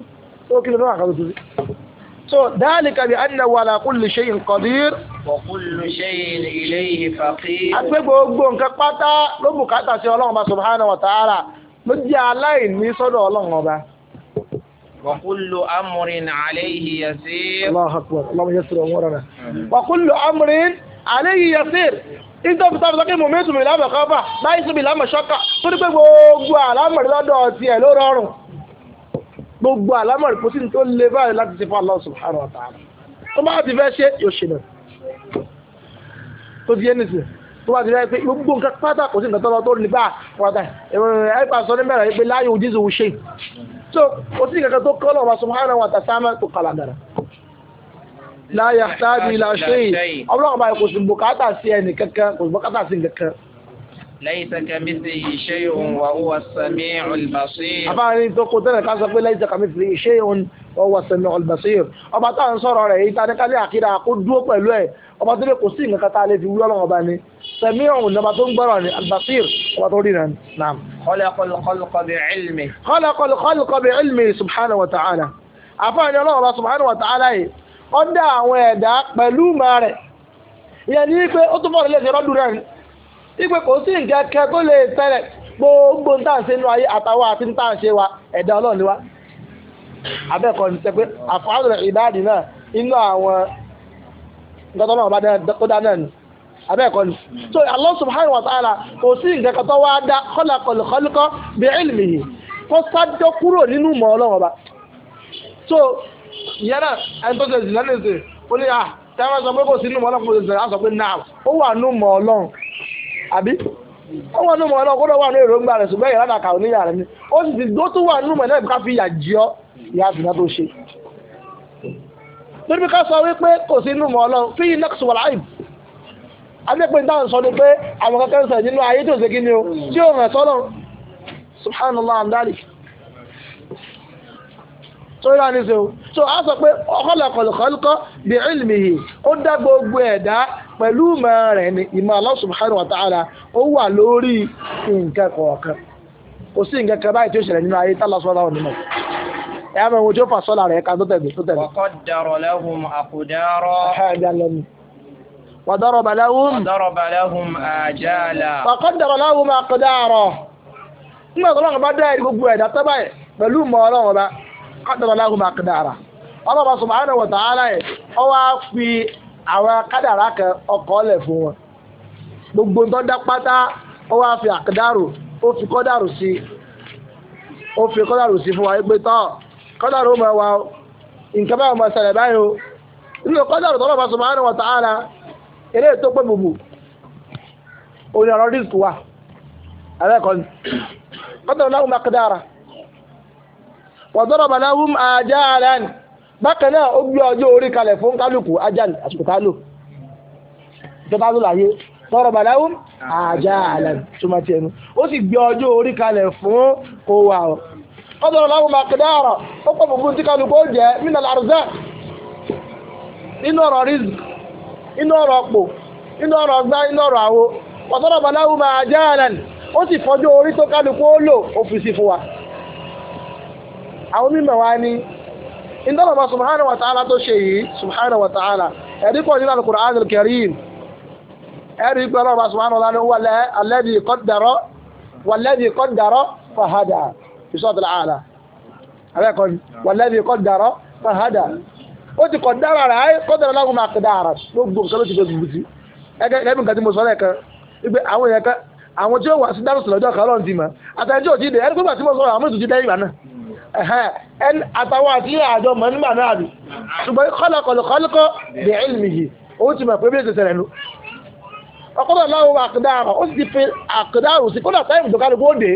So dhalika bi annahu ala kulli shay'in qadir. Wa kullu shay'in ilayhi faqir. Àti pé gbogbo nǹkan pátá ló bùkátà sí Ọlọ́run Ọba subhanahu wa ta'ala ló jẹ́ aláìní sọ́dọ̀ Ọlọ́run Ọba. Wa kullu amrin alayhi yasir. Allahu akbar, Allahumma yassir umurana. Wa kullu amrin alayhi yasir. Ìjọ fi sáfì sọ́kè mòmí ìtumìlá mẹ́kọ́ bá láì síbi lámẹ̀ṣọ́kà tó ní pé gbogbo àlámọ̀rí lọ́dọ̀ tiẹ̀ ló rọrùn gbogbo àlámọ̀rí kò sí ní tó lé báyìí láti ṣe fún Allah subhanahu wa ta'ala tó bá ti fẹ́ ṣe yóò ṣe náà tó ti yé nìsí tó bá ti fẹ́ pé gbogbo nǹkan pátá kò sí nǹkan tọ́lọ tó ní bá pátá ẹ̀pà sọ ní mẹ́rẹ̀ pé láyé ojú ìṣòwò ṣe so kò sí nǹkan tó kọ́ lọ́wọ́ subhanahu wa ta'ala tó kàlàgàrà láyà tábìlà ṣe ọlọ́run báyìí kò sí bùkátà sí ẹnì kankan kò sí bùkátà sí nǹkan kan ليس كمثله شيء وهو السميع البصير أبا أني تقول ذلك أصدق ليس كمثله شيء وهو السميع البصير أبا تعالى صار عليه تعالى قال لي أكيد أقول دو بلوه أبا تلك قصين كتالي في ولا أباني سميع أبا تنبرني البصير أبا تقولين نعم خلق الخلق بعلمه خلق الخلق بعلمه سبحانه وتعالى أبا أن الله سبحانه وتعالى أدى ويدا بلوما يعني يقول أطفال الذي ردوا ipe kò sí nǹkan kan tó lè ṣẹlẹ̀ gbogbo tá ṣe nínú ayé àtàwọn àti tá ṣe wa ẹ̀dá ọlọ́run ni wa abẹ́ẹ̀kọ́ ni pé àfọwọ́sọ̀rọ̀ ìbáàdì náà inú àwọn nǹkan náà bá dá náà ni abẹ́ẹ̀kọ́ ni so Allah subhanahu wa ta'ala kò sí nǹkan kan tó wá dá khalaqal khalqa bi ilmihi kó sájọ́ kúrò nínú ìmọ̀ ọlọ́run ọba so ìyẹn náà ẹni tó ṣe ìsìn lẹ́nu ó ní à ah, tẹ́wọ́n sọ pé kò sí nínú ìmọ̀ ọlọ́run kò sí ìsìn àbí wọn wà nùmọ̀ náà gbọ́dọ̀ wà ní èròǹgbà rẹ̀ ṣùgbọ́n ìyára nàkà oníyà rẹ̀ ni ó sì ti tó tún wà nùmọ̀ náà fi ìyà jẹ ọ́ ìyá àfìnà tó ṣe. níbi ká sọ wípé kò sí nùmọ̀ fi iná sọ wà láì adépè sọ ni pé àwọn kankan sọ nínú ayé tó o tí o so a sọ pé ọkọlọkọlọkọ bí ó gbogbo ẹ̀dá pẹ̀lú ìmọ̀ rẹ̀ ni ìmọ̀ Allah subhanahu wa ta'ala ó wà lórí nǹkan kọ̀ọ̀kan kò sí nǹkan kan báyìí tí ó ṣẹlẹ̀ nínú ayé tá lọ́sọ̀rọ̀ láwọn onímọ̀ ẹ̀yà mẹ́rin ojú fà sọ́là rẹ̀ ká tó tẹ̀lé tó tẹ̀lé. wàkọ́ dàrọ̀ lẹ́hùn àkùdárọ̀. وضرب لهم وضرب لهم آجالا وقدر لهم أقدارا nígbà tó lọ́wọ́ bá dá ẹ̀rí gbogbo ẹ̀dá tó báyìí pẹ̀lú mọ́ ọlọ́wọ́ bá قدر لهم أقدارا ọlọ́wọ́ subhanahu wa ta'ala ẹ̀ ọwọ́ àwọn kádàrá kan ọkọ̀ ọ̀lẹ̀ fún wọn gbogbo tó dá pátá ó wá fi àkàdárò ó fi kọ́dàrò sí ó fi kọ́dàrò sí fún wa pé tọ́ kọ́dàrò ó máa wá nǹkan báyìí ó máa ṣẹlẹ̀ báyìí o nínú kọ́dàrò tó lọ́ba subhanahu wa ta'ala eré tó pé bùbù òun ọ̀rọ̀ risk wa ẹlẹ́kọ̀ọ́ ni kọ́dàrò láwùm akadara wà dọ́rọ̀ bàláwùm àjáàlá bákan náà ó gbé ọjọ́ orí kalẹ̀ fún kálukú ajá àsìkò tá láyé tọrọ bàdáwó àjà àlẹ́ tó ẹnu ó sì gbé ọjọ́ orí kalẹ̀ fún kó wà ó kọ́dọ̀rọ̀ láwọn máa ó pọ̀ gbogbo tí kálukú ó jẹ́ mí inú ọ̀rọ̀ inú ọ̀rọ̀ ọ̀pọ̀ inú ọ̀rọ̀ ọgbá ìdánwò subhanahu wa ta'ala tó ṣe yìí subhanahu wa ta'ala ẹ̀rí pọ̀ nínú al-Qur'an al-Karim ẹ̀rí pé ọlọ́ba subhanahu wa ta'ala wà alladhi qaddara walladhi qaddara fahada ìṣọ́tìlá àlà abẹ́kọ̀ walladhi qaddara fahada ó àwọn tí ó wà sí dárò lọ́jọ́ kan lọ́run ti mọ̀ àtàjọ́ òjì dé ẹni pé gbà tí mo sọ àwọn ètò dẹ́yìn ìgbà náà àtàwọn àti àjọ mọ̀ nígbà náà rí ṣùgbọ́n kọ́lọ̀kọ̀lọ̀kọ́ lè ilmi yìí ó ti mọ̀ pé bí èsì sẹ̀rẹ̀ nù ọkọ̀dọ̀ láwọ́ àkàdáàrà ó sì ti fi àkàdáàrù sí kódà táìmù tó kálukú ó dé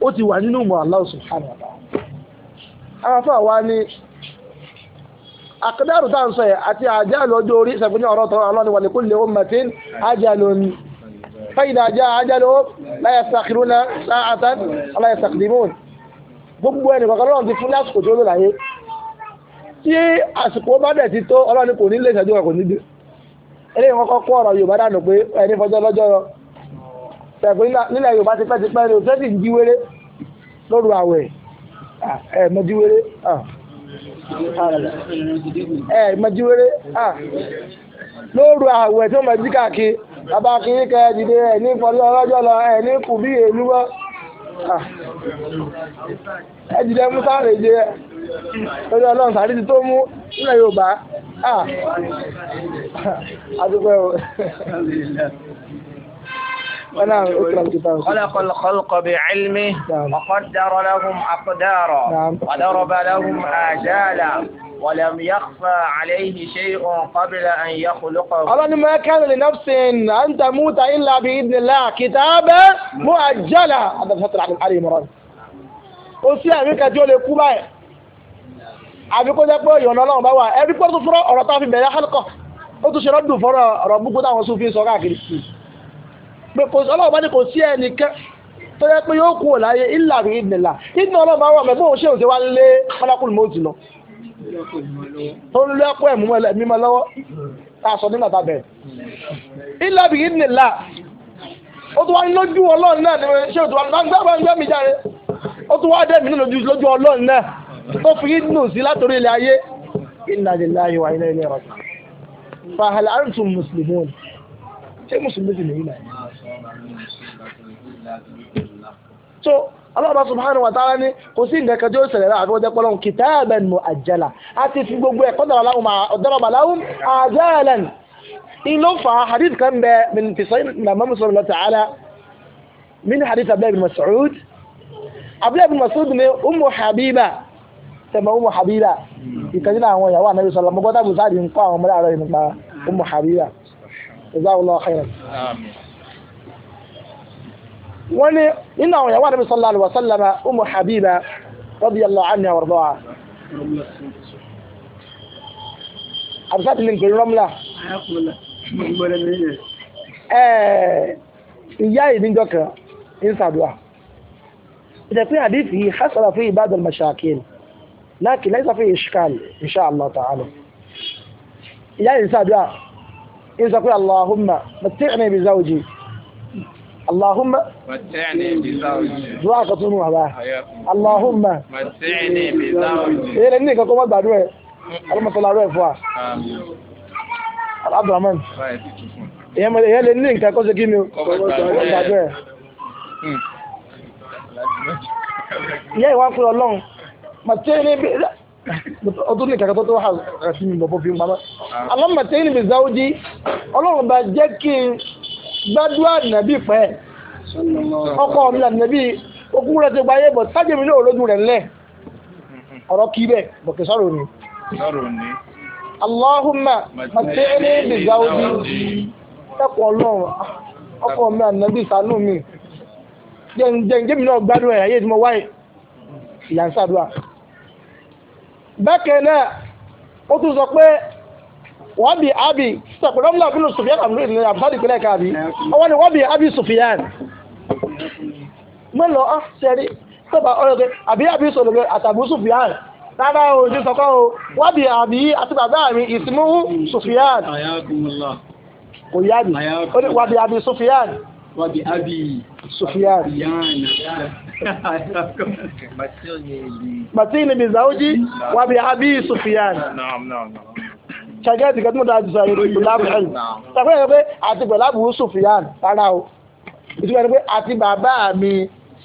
ó ti wà nínú mọ̀ Allah subhanahu wa ta'ala àwọn afọ àwa ni àkàdáàrù tá à ń sọ yẹ àti àjálù ọjọ́ orí sẹ̀fún ní ọ̀rọ̀ tọ́rọ alọ́ni wà ní kulli ummatin ajalun gbogbo ẹnì kọ̀ọ̀kan lọ́run ti fún lásìkò tó lò láyé tí àsìkò bá dẹ̀ ti tó ọlọ́run kò ní lè ṣẹ́jú ọkọ̀ níbi eléyìí wọn kọ́ kó ọ̀rọ̀ Yorùbá dànù pé ẹni fọjọ́ lọ́jọ́ rọ pẹ̀pẹ́ nílẹ̀ Yorùbá ti pẹ́ ti ni òṣèlú sì ń jí wéré lóru àwẹ̀ ẹ̀ mọ́jú wéré ẹ̀ mọ́jú wéré lóru àwẹ̀ tó mọ̀ jí káàkiri bàbá kiri kẹ́ ẹ̀ dìde fọjọ́ lọ́jọ́ lọ ẹ̀ kù bí èlú wọn. Ah. ẹ jìdẹ mú sáré jẹ lórí ọlọ́run sáré ti tó mú nílẹ̀ yorùbá àdúgbò ah. ẹ̀wọ̀. خلق الخلق بعلمه وقدر لهم أقدارا وضرب لهم آجالا ولم يخفى عليه شيء قبل أن يخلقه أبدا ما كان لنفس أن تموت إلا بإذن الله كتابة مؤجلة هذا الفترة على الحريم مرة ó sí ẹ̀mí kẹjọ lè kú báyìí àbí kó jẹ́ pé ìyọ̀nà ọlọ́run bá wà ẹ̀rí pé ó tún fọ́rọ̀ ọ̀rọ̀ tá a fi bẹ̀rẹ̀ hálùkọ̀ ó tún ṣe rọ́dùn fọ́rọ̀ ọ̀rọ̀ gbogbo táwọn sún fi ń sọ káàkiri pé kò sí ọlọ́run bá ní kò sí ẹnìkan tó jẹ́ pé yóò kú ò láyé ìlànà ìdìnnà ìdìnnà ọlọ́run bá wà mẹ́gbọ́n òun ṣe òun ṣe wá lé pálákùn mọ́ọ̀tì lọ tó ń lọ́kọ̀ ẹ̀ mímọ́ lọ́wọ́ tá a sọ nígbà tá a bẹ̀rẹ̀. ilẹ̀ bìí ní là ó tún wá lójú ọlọ́run náà ṣé òtún wá gbàgbà gbàgbà mi jáde ó tún wá dé mi lójú lójú ọlọ́run náà tó fi nù sí látòrí ilẹ̀ ayé inna lillahi wa inna ilayhi raji'un fa hal antum muslimun ṣé mùsùlùmí sì nìyí náà. Allah subhanahu wa ta'ala ní kò sí nǹkan kan tí ó ṣẹlẹ̀ láàrin wọ́n jẹ́ pọ́lọ́n kitaban mu'ajjala a ti fi gbogbo ẹ̀kọ́ daraba lahum ajalan ìlú fa hadith kan bẹ min fisayin na mamu sọ̀rọ̀ lọ ta'ala min hadith abdullahi bin mas'ud abdullahi bin mas'ud ni umu habiba tẹmẹ umu habiba ìkànnì àwọn ìyàwó anabi sọlọ mọgọdà bùsáàdì ń kọ àwọn ọmọdé àrọ yìí nípa umu habiba jazakallahu khairan. wọ́n ní nínú àwọn ìyàwó àdàbí sallallahu alaihi wasallam umu habiba radiyallahu anha warḍaha. àbúsá ti lè gbèrú rọ́mùlà. ìyá yìí níjọ kan ń sàdúrà. ìtẹ̀pín àdìsí hasara fún ibad al-mashakil لكن ليس فيه إشكال إن شاء الله تعالى يعني إنسان دعاء إنسان يقول اللهم متعني بزوجي اللهم متعني دعاء اللهم متعني فوا عبد الرحمن ni Gbadua nàbí pẹ ọkọ mi lànà nàbí okun rẹ̀ ti gbáyé bọ̀ sájẹ̀ mi ní òròdù rẹ̀ ńlẹ̀ ọ̀rọ̀ kí bẹ́ẹ̀ bọ̀kẹ́ sọ̀rọ̀ ni. Allahumma matẹ́ni bizawudi ẹ̀kọ́ ọlọ́run ọkọ mi ànábì sànú mi mi náà ayé mo wáyé náà, ó tún sọ wọ́n bí abi sọ̀pọ̀ lọ́mùlá bínú Sufyan àbúrò ìpínlẹ̀ káàbí ọwọ́ ni wọ́n bí abi Sufyan mo lọ ah, ṣẹ́rí sọ́pà ọ̀rọ̀ àbí abi sọ̀rọ̀ àtàbù Sufyan rárá o ti sọ́kọ́ o wọ́n bí abi àti bàbá mi ìsìnmú Sufyan kò yá mi ó ní wọ́n bí abi Sufyan. wọ́n bí abi Sufyan. Matini bi zawji abi Sufyan ṣàgẹ́ẹ̀tì kẹ́tí mo dára jù sọ èrò ìgbìláàbù ẹ̀yìn ṣàpẹ́ yẹn pé àti pẹ̀láàbù Sùfìyàn rárá o ìtumọ̀ ni pé àti bàbá mi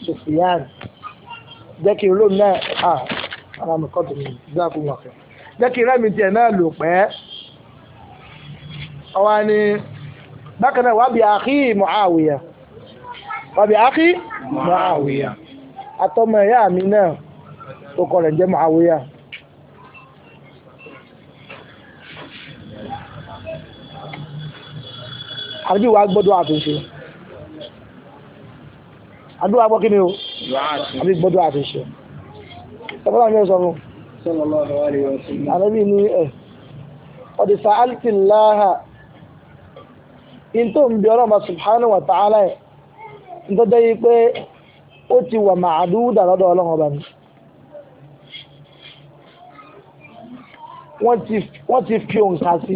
Sùfìyàn jẹ́ kí n lóun náà à ara mi kọ́ tó mi gbá fún wọn. jẹ́ kí rẹ́mi tiẹ̀ náà lò pẹ́ ọwọ́ ni bákan náà wàá bí àkí Muawiya wàá bí àkí Muawiya àtọmọ ẹ̀yà mi náà tó kọ rẹ̀ jẹ́ Muawiya. àbíjú wa gbọ́dọ̀ àtúnṣe àdúrà gbọ́ kí ni o àbí gbọ́dọ̀ àtúnṣe ẹgbẹ́ láti sọ fún àrẹ́bí ní ẹ̀ ọ̀dìsá alìtìláhà in tó ń bí ọ̀rọ̀ ma subhanahu wa ta'ala ẹ̀ ń tó dẹ́ yí pé ó ti wà màádúdà lọ́dọ̀ ọlọ́run ọba mi wọ́n ti fi òǹkà sí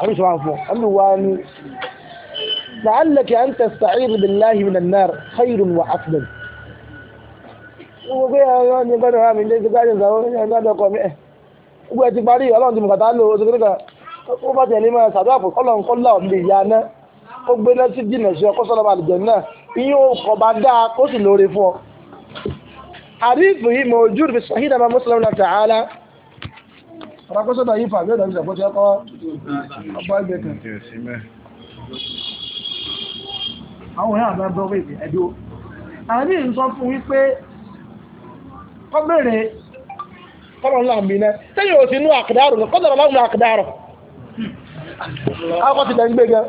àríṣọ́ àfọ́ olùwà ni la'allaka an tasta'ir billahi minan nar khairun wa afdal gbogbo ẹ̀rọ ni gbọ́dọ̀ rà mí lẹ́sẹ̀ gbájú ìgbà wọn ní ọjọ́ ọkọ mi ẹ̀ eh, gbogbo ẹ̀ ti parí ọlọ́run ti mú kàtà lò oṣù kíníkà ó bá tẹ̀lé máa sàdúrà fún ọlọ́run kọ́ láwọn lè ya náà ó gbé náà sí jìnnà sí ọkọ sọ́dọ̀ bá àlùjọ náà ìyẹn ò kọ̀ bá dáa ó sì lóore fún ọ. àdìsù yìí mọ̀ ojú rẹ̀ sọ̀hídàmà mùsùlùmí náà tààlà ọ̀rọ̀ kó sọ́dọ̀ yìí fà bí ọ̀dọ̀ bí sọ̀kọ́ tí ọkọ́ ọgbọ́ ẹgbẹ́ kan. àwọn èèyàn àbá bọ́ wíìgì ẹ̀dọ́ àwọn ní sọ fún wípé kọ́ bèrè kọ́mọ̀n náà bí náà sẹ́yìn ò sí inú àkàdárò kọ́ sọ̀rọ̀ láwọn àkàdárò akọ́ ti dẹ́gbẹ́ gan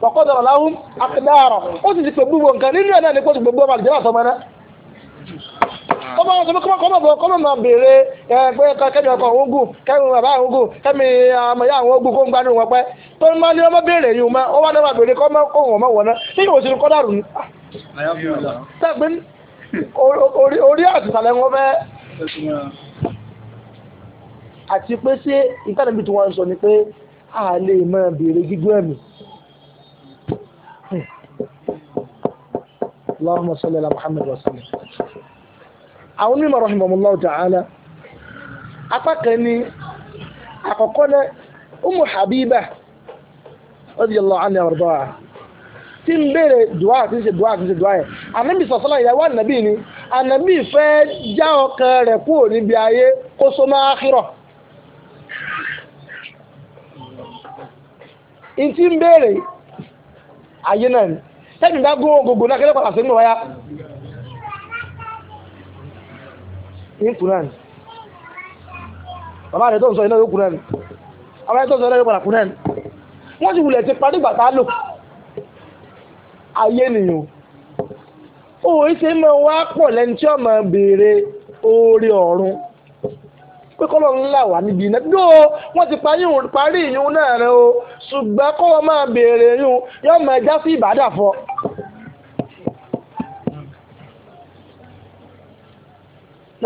kọ́kọ́ sọ̀rọ̀ láwọn àkàdárò ó sì ti pè gbogbo nǹkan nínú ẹ̀ kọ́mọ sọ pé kọ́mọ bọ̀ kọ́mọ máa béèrè pé kẹ́mi ọkọ̀ òun gùn kẹ́mi bàbá òun gùn kẹ́mi ọmọ ìyá ọ ogun kó ń gbádùn wọn pẹ́ tó ń máa ní ọmọ béèrè yìí mọ́ ó wá náà máa béèrè kọ́mọ kóhùn ọmọ wọ̀ sẹ́gbẹ́ orí àtìsàlẹ̀ wọn fẹ́ àti pé ṣé tí wọ́n ń sọ ni àwọn onímọ̀ rahimahullah ta'ala apá kan ní àkọ́kọ́ náà Ummu Habiba radiyallahu anha àrùbáwá tí ń béèrè dùá tí ń ṣe dùá tí ń ṣe dùá yẹn ànábì sọ̀sọ́lá ìyàwó ànábì ni ànábì fẹ́ já ọkàn rẹ̀ kúrò níbi ní kùnán bàbá rẹ̀ tó ń sọ iná yóò kùnán bàbá rẹ̀ tó ń sọ iná yóò padà kùnán wọ́n sì wulẹ̀ ti parí gbàtà lò ayé nìyàn òun ṣe máa wá pọ̀ lẹ́ni tí ọmọ béèrè oore ọ̀run pé kọ́lọ́ ńlá wà níbi iná tó wọ́n ti parí ìyún náà rẹ o ṣùgbọ́n wọ́n máa béèrè yún yọ́ máa já sí ìbádà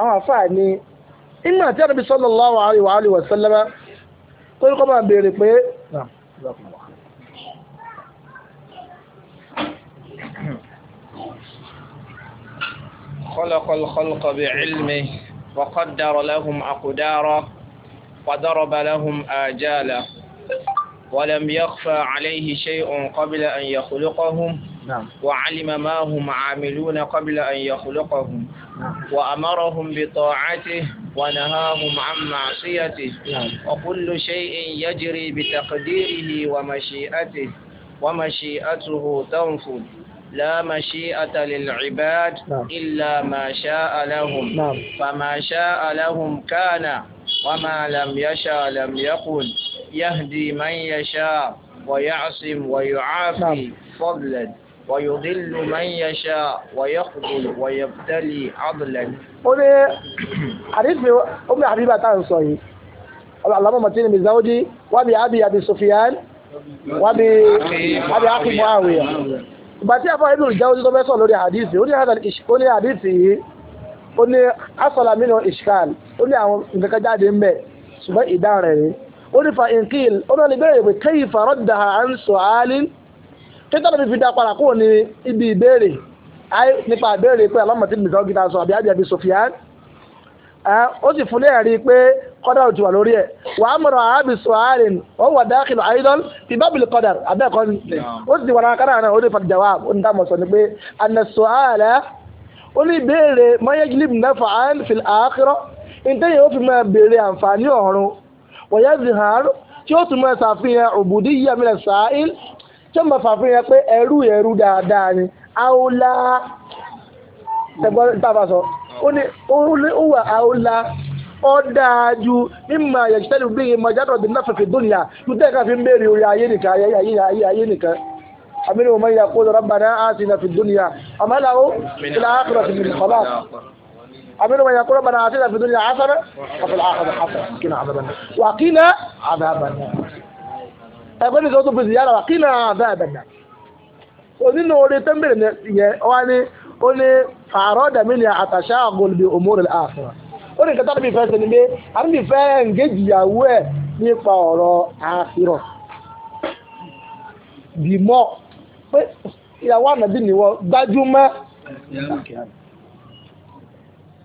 àwọn àfáà ni ìmọ̀ àti àdàbí sallallahu alaihi wa sallam tó ní kọ́ máa béèrè pé. خلق الخلق بعلمه وقدر لهم أقدارا وضرب لهم آجالا ولم يخفى عليه شيء قبل أن يخلقهم نعم. وعلم ما هم عاملون قبل أن يخلقهم وأمرهم بطاعته ونهاهم عن معصيته وكل شيء يجري بتقديره ومشيئته ومشيئته تنفذ لا مشيئة للعباد إلا ما شاء لهم فما شاء لهم كان وما لم يشاء لم يكن يهدي من يشاء ويعصم ويعافي فضلا ويضل من يشاء ويخذل ويبتلي عدلا أولي حديث أم حبيبة تنصي اللهم متين بزوجي وبأبي أبي سفيان وبأبي أخي معاوية bàtí afọ ibi olùjáwójú tó mẹ́sàn lórí àdìsí ó ní àdìsí yìí ó ní asọ̀là mìíràn ìṣkàn ó ní àwọn nǹkan kan jáde ń bẹ̀ ṣùgbọ́n ìdáhùn rẹ̀ ni ó ní fa nkìl ó náà lè bẹ̀rẹ̀ pé kéyìí fa rọ́dà à ń títà níbi fi dá padà kúrò ní ibi ìbéèrè ayé nípa ìbéèrè pé alámọ̀tí nìta ó gita sọ àbí àbí àbí Sufyan ó sì fún ní ẹ̀rí pé kọ́dà ò ti wà lórí ẹ̀ wà á mọ̀rọ̀ àábì sọ̀hárìn ó wà dákìlù àìdán fi bábìlì kọ́dà abẹ́ẹ̀kọ́ ni ó sì wà lára náà ó lè fàdí jàwá ó ní dámọ̀ sọ ni pé àna sọ̀hárẹ̀ ó ní ìbéèrè mọ́yẹ́gìlìb náfà án àákírọ́ ìtẹ́yìn ó fi máa béèrè àǹfààní ọ̀run wọ̀yẹ́ zihar tí ó tún máa ṣàfihàn òbùdí yíyá mílẹ̀ tí ó mọ̀ fàfin yẹn pé ẹrú ẹrú dáadáa ni aola tẹgbọ́n tábà sọ ó ní ó wà aola ó dáa ju mímọ àyẹ̀kítẹ́lì bí i mọ̀jádọ̀ dín náà fẹ̀fẹ̀ dúnìyà tó tẹ́ ká fi ń béèrè orí ayé nìkan ayé ayé ayé ayé nìkan amínú ọmọ ìyá kó lọ́rọ̀ bàdá àti ìnàfi dúnìyà ọmọ ìlàwó ìlà àkùrọ̀ sí ìlú kọ́lá amínú ọmọ ìyá kó lọ́rọ̀ bàdá àti ìnàfi dúnìyà àfẹ́rẹ́ ọ̀fẹ́lá àkọ́dọ̀ àfẹ́rẹ́ kí ẹgbẹ́ nìkan tó fi sí yàrá kí náà àdá àdàdà so nínú orí tẹ́ḿbìlì yẹn wá ní ó ní fàárọ̀ dàmí ni àtàṣà àgọ́lùbí òmùrè àfẹ́rẹ́ ó ní kẹta níbi ìfẹ́ sẹ́ni pé àbí ìfẹ́ ẹ̀ǹgẹ́jì ìyàwó ẹ̀ nípa ọ̀rọ̀ àfẹ́rọ̀ dìmọ́ pé ìyàwó ànàbí nìwọ gbájúmọ́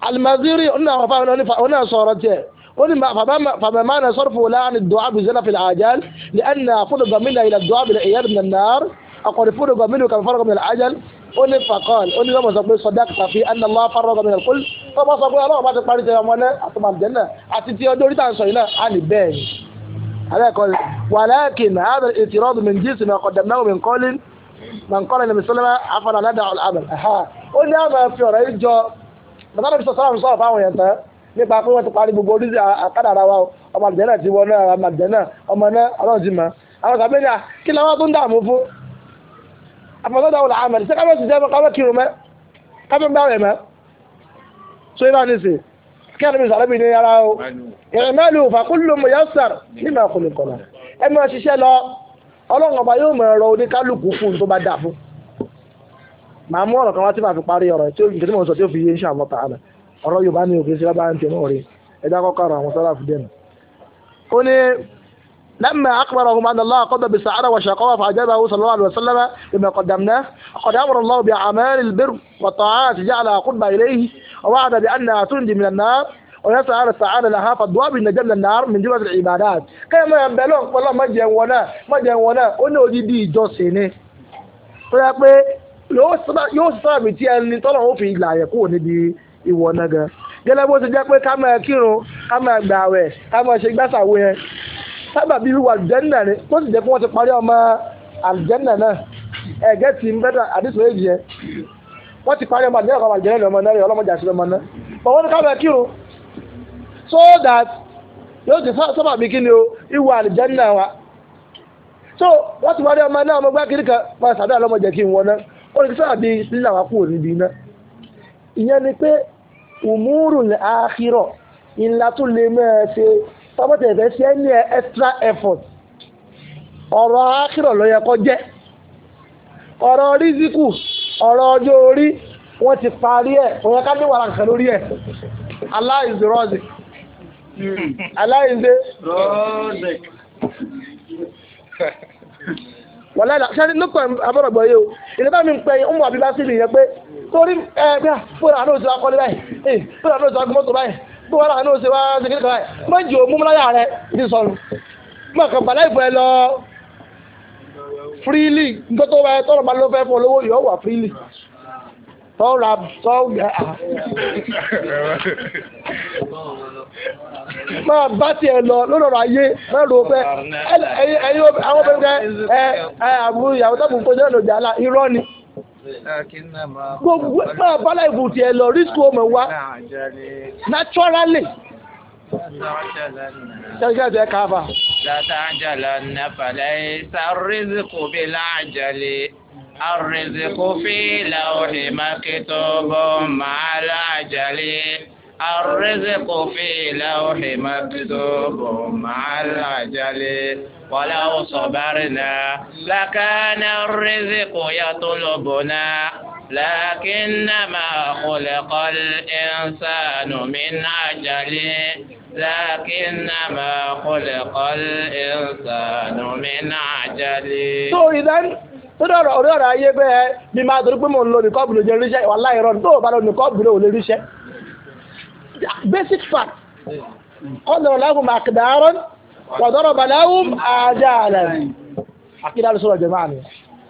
alimaziri onínáwó fáwọn onífà sọ̀rọ̀ tiẹ̀ قل فما فما معنى صرفه لا عن الدعاء بالزنا في العجل لأن فرغ منها إلى الدعاء بالعياذ من النار أقول فرغ منه كما فرغ من العجل قل فقال قل لما زبل صدقت في أن الله فرغ من القل فما صبر الله ما تقاري تيامونا أتمام الجنة أتتي أدوري تانسوينا عن بين هذا قال ولكن هذا الاعتراض من جنس ما قدمناه من قول من قال النبي صلى الله عليه وسلم عفوا ندع العمل أها قل لما في رأي جو مثلا بسم الله عليه وسلم nípa pé wọ́n ti parí gbogbo oríṣi àkàdàrà wa ọmọ àgbẹ̀ náà ti wọ náà ọmọ àgbẹ̀ náà ọmọ náà ọlọ́run ti mọ̀ àwọn kàbẹ́ ní à kí ni àwọn tó ń dààmú fún àfọ̀sọ́dọ̀ wò làwọn mẹ́rin ṣé kábẹ́ sì jẹ́ kábẹ́ kírun mẹ́ kábẹ́ gbá rẹ̀ mẹ́ so ibà ní sè kí ẹni mi sàrẹ́ mi ní ara o ìrìnmẹ́lì òfà kúlù mọ̀ yá sàr ní mà kò lè kọ̀nà ẹ máa ṣiṣẹ́ lọ ọlọ́run ọba yóò mọ̀ ẹ̀rọ oníkálukú fún tó bá dà fún màá mú ọ̀rọ̀ kan wá tí màá fi ọ̀rọ̀ yorùbá ni òkè ṣe lábára ń tẹnu ọ̀rẹ́ ẹ̀dá kọ́kọ́ ara àwọn sálàfù dẹ́nu. ó ní لما أخبرهم أن الله قضى بالسعادة والشقاوة فأجابه صلى الله عليه وسلم بما قدمناه قد أمر الله بأعمال البر والطاعات جعلها قربى إليه ووعد بأنها تنجي من النار ويسعى السعادة لها فالدواب النجاة من النار من جملة العبادات كما يبدلون والله ما جنونا ما جنونا أنه دي دي جوسيني فيقول yóò sábà yóò sábà tí ẹni tọ́lọ̀ ó fi ìlà àyẹ̀kú òní di ìwọ náà gan gẹ́lẹ́ bó ti jẹ́ pé ká máa kírun ká máa gbà àwẹ̀ ká máa ṣe gbàsàwò yẹn sábà bíi wíwà àlùjẹ́nà ni tó sì jẹ́ pé wọ́n ti parí ọmọ àlùjẹ́nà náà ẹ̀gẹ́ ti ń bẹ́tà àdìsọ èjì yẹn wọ́n ti parí ọmọ àlùjẹ́nà ọmọ àlùjẹ́nà ọmọ náà ọlọ́mọdé àti ọmọ náà but wọ́n ní ká máa kírun so that yóò ti sábà bíi kí ni o ìwà àlùjẹ́nà wa so wọ́n ti parí ọmọ náà ọmọ gbákiri kan máa sàdá ọlọ́mọdé kí n wọ náà ó ní kí sábà bíi lílà wa kúrò níbi ìyẹn ni pé umurul akhirah ńlá tó lè máa ṣe tọ́pọ̀tẹ̀ ẹ̀fẹ́ sí ẹni extra effort ọ̀rọ̀ akhirah ló yẹ kó jẹ́ ọ̀rọ̀ rízíkù ọ̀rọ̀ ọjọ́ orí wọ́n ti parí ẹ̀ kò yẹ ká ní wàrà nǹkan lórí ẹ̀ Allah is the Razik hmm. Allah is the Razik wọ́n láì lọ́pọ̀ abọ́rọ̀gbọ̀ yìí o ìrẹ́bá mi ń pẹ́ ọmọ àbíbá sí ìyẹn pé torí ẹ bí a fúnra àánú òsè wa kọ́lé báyìí ee fúnra àánú òsè wa báyìí fúnra wa ṣèkìlì kan báyìí má rẹ ní sọ̀rọ̀ má kàn bàlá ìbò ẹ lọ fírílì nítorí wọn tọrọ máa lọ fún olówó wà fírílì bá tiẹ̀ lọ lọ́dọ̀ àwọn ẹ àbúrò ìyàwó tó kù kó gbogbo máa bá láì bùtì ẹ lọ rísíkù ọmọ wa naturally. Ṣẹ́gbẹ́ ẹ̀jẹ̀ káfà. Látàjàlá nàfàlẹ́ sàrìsìkò bí láàjàlè. Àrìsìkò fi làwọn ìmàkìtọ̀ bọ̀ màá láàjàlè. الرزق في لوح مكتوب مع العجل ولو صبرنا لكان الرزق يطلبنا لكنما خلق الإنسان من عجل لكنما خلق الإنسان من عجل So then, tó dọ̀rọ̀ orí ọ̀rọ̀ ayé bẹ́ẹ̀ bí máa torí pé mò ń lo nìkọ́ọ̀bù ló jẹ́ ríṣẹ́ wàláhì rọ̀ tó o bá lo nìkọ́ọ̀bù ló lè ríṣẹ́ basic fact قدر لهم أقدارا وضرب لهم آجالا àkídá ló sọ̀rọ̀ jẹ̀máà ni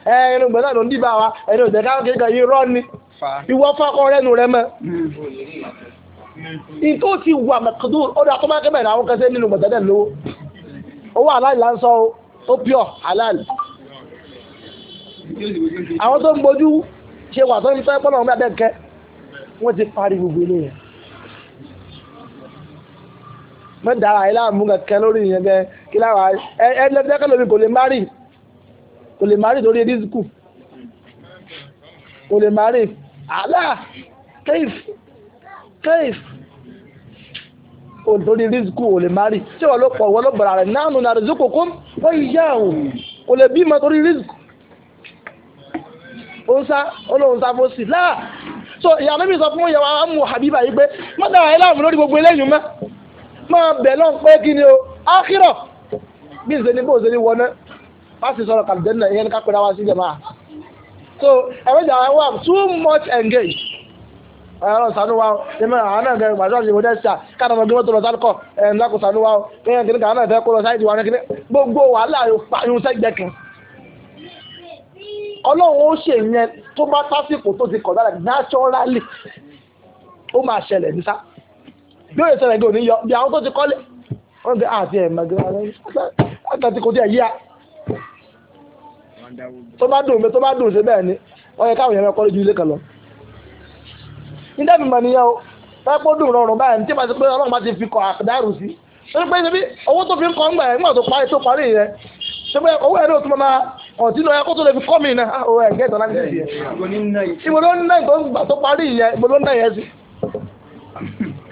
ẹ ẹnu gbẹ̀dá ló ń dìbà wa ẹni ò jẹ̀ká kékeré yìí rọ́ ni ìwọ fọ́kọ rẹ́nu rẹ mọ́. Hmm. ìtò ti wà mẹ́kàdù ọdún akọ́mọ́kẹ́ bẹ̀rẹ̀ àwọn kẹsẹ́ nínú gbẹ̀dẹ́dẹ̀ lówó owó aláàlì là ń sọ ó pure aláàlì. àwọn tó ń bójú ṣe wà tó ń fẹ́ pọ́nà ọmọdé kẹ́ wọ́n ti parí gbogbo eléyìí mẹ́ta àyè láàmú kankan lórí ìyẹn gẹ́ kí láwa ẹ ẹ lẹ́tẹ́kẹ́ lómi kò lè má rì kò lè má rì lórí dísíkù kò lè má rì àlà kéif kéif lórí dísíkù ò lè má rì tí wọ́n ló pọ̀ wọ́n ló bọ̀rọ̀ rẹ̀ nánú nàrí zoko kó wọ́n yíyá o kò lè bímọ torí dísíkù ó ń sá ó so ìyá mi sọ fún ìyàwó àmú Habiba yìí pé mọ́tà àyè láàmú lórí gbogbo eléyìí mọ́ máa bẹ̀ lọ́n pé kí ni o ákírọ̀ bí ìṣẹ́ni bó ṣe ni wá sí sọ̀rọ̀ kàlùdẹ́n náà ìyẹn ká pèrè wá sí jẹ̀má. so ẹ̀rọ ìjà wa am too much engaged. ọ̀rọ̀ sànú wa ṣe àwọn náà gẹ̀rẹ́ gbàdúrà ṣe ìwé dẹ́sítà káàdà ọmọdé mọ́tò lọ sálùkọ̀ ẹ̀ ń dákò wa o kéèyàn kìnnìkan náà fẹ́ kó lọ sáyidì wa kékeré gbogbo wàhálà yóò sẹ́gbẹ́ kan. ó máa ṣẹlẹ̀ nísà. bí ó yẹ sẹ́rẹ̀ òní yọ bí àwọn tó ti kọ́lé wọ́n ah, ti àti ẹ̀ kò tí ẹ̀ yíya tó bá dùn tó bá dùn bẹ́ẹ̀ ni wọ́n yẹ káwọn yẹn ilé kan lọ. nígbà mi mọ̀ o wọ́n dùn rọrùn báyìí ní tí wọ́n ti pé ọlọ́run bá ti fi àkàdárù sí pé owó tó fi ń kọ́ ah, yẹn tó tó náà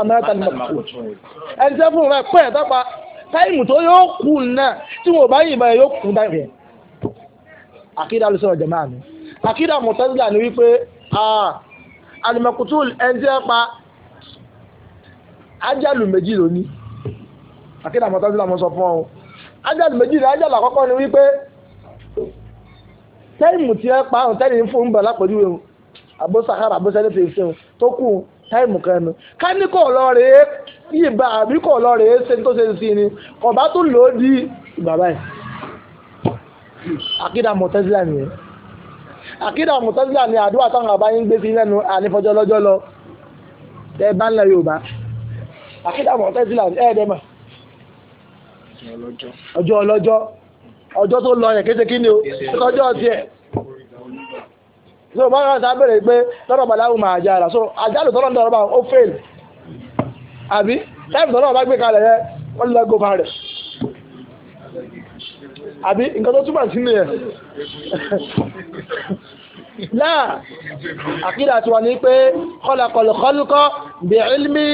amẹ́ta ni mọ̀kútù ẹni tẹ́ fún un rẹ̀ pẹ́ tọ́pa táìmù tó yóò kú náà tí wọn ò bá yìnbọn yẹn yóò kú dáìmù yẹn. àkídà ló sọ̀rọ̀ jẹ̀máà mi àkídà mọ̀tẹ́sílà ni wípé alimọ̀kútù ẹni tẹ́ pa ájálù méjì lónìí àkídà mọ̀tẹ́sílà mo sọ fún ọ ájálù méjì lónìí ájálù àkọ́kọ́ ni wípé táìmù tí ẹ pa àwọn táìmù fún un bọ̀ lápòjúwe àbóṣàkárà àbóṣẹ́lẹ̀ fèsì o tó kù táìmù kan nu ká ní kò lọ rèé yìnbọn àbí kò lọ rèé ṣe tó ṣe sí ni kò bá tún lò ó di ìgbà báyìí àkídà mọ̀tẹ́sílà nìyẹn àkídà mọ̀tẹ́sílà ni àdúrà táwọn àbá yín gbé sí lẹ́nu ànífọjọ́ lọ́jọ́ lọ ẹ bá ń lọ Yorùbá àkídà mọ̀tẹ́sílà ẹ ẹ̀ dẹ́mà ọjọ́ ọlọ́jọ́ ọjọ́ tó lọ yẹn kéṣe kí ni o ọjọ́ tiẹ̀ so bá wọn sá bèrè pé lọ́rọ̀ bàláwù máa já so àjálù tọ́lọ́ dọ̀rọ̀ bá ó fail àbí táìpù tọ́lọ́ bá gbé kalẹ̀ yẹ wọ́n lè go bá rẹ̀ àbí nǹkan tó túmọ̀ sí nìyẹn náà àkídà tiwa ni pé khalaqal khalqa bi ilmi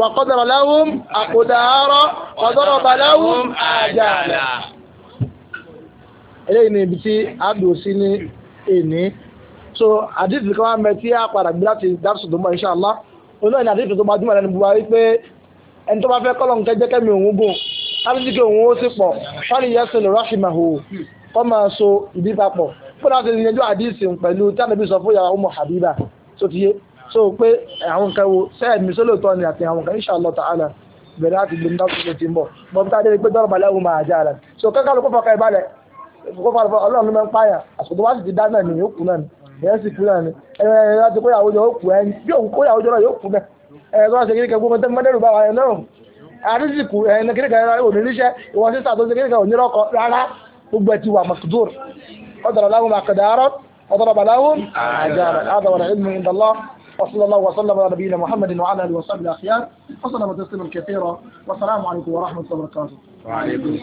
wa qadara lahum aqdara wa daraba lahum ajala eléyìí ni ibi tí a dùn sí ní èní so àdìsí kan wá mẹ tí a padà gbé láti dárúsù tó mọ insha Allah olóyè ní àdìsí tó máa dúmọ̀ lẹ́nu buwa wípé ẹni tó bá fẹ́ kọ́lọ̀ nǹkan jẹ́kẹ́ mi òun gùn láti kí òun ó sì pọ̀ fáli yẹsẹ̀ lọ́rọ́ fi mà hò kọ́ máa so ìdí papọ̀ fún láti ní ẹjọ́ àdìsí pẹ̀lú tánàbí sọ fún yàrá ọmọ Habiba tó ti yé so pé àwọn nǹkan wo sẹ́ẹ̀ mi sólóòtọ́ ni àti àwọn nǹkan insha Allah ta'ala bẹ̀rẹ̀ láti gbé nígbà tó ti ń bọ̀ so kankan ló kó fọkàn ìbalẹ̀ kó fọkàn ọlọ́run ló máa ń pààyàn ìyẹn sì kú náà ni ẹ̀rọ ẹ̀rọ àti kó ìyàwó jọ ó kú ẹ̀ bí òun kó ìyàwó jọ náà yóò kú bẹ́ẹ̀ ẹ̀rọ ṣe kékeré gbogbo tẹ́ mọ́dẹ́rù bá wa ẹ̀ náà àdísìkù ẹ̀ẹ́nà kékeré rárá òní níṣẹ́ ìwọ̀n sísà tó ṣe kékeré òní lọ́kọ rárá gbogbo ẹ̀ ti wà mọ̀kúdùr ọ̀dọ̀rọ̀ láwọn àkàdàárọ̀ ọ̀dọ̀rọ̀ bàdáwò àjàrà àdàwọ̀rà ìlú ìdàlọ́ وصلى الله وسلم على نبينا محمد وعلى اله وصحبه الاخيار وسلم تسليما كثيرا والسلام عليكم ورحمه الله وبركاته. وعليكم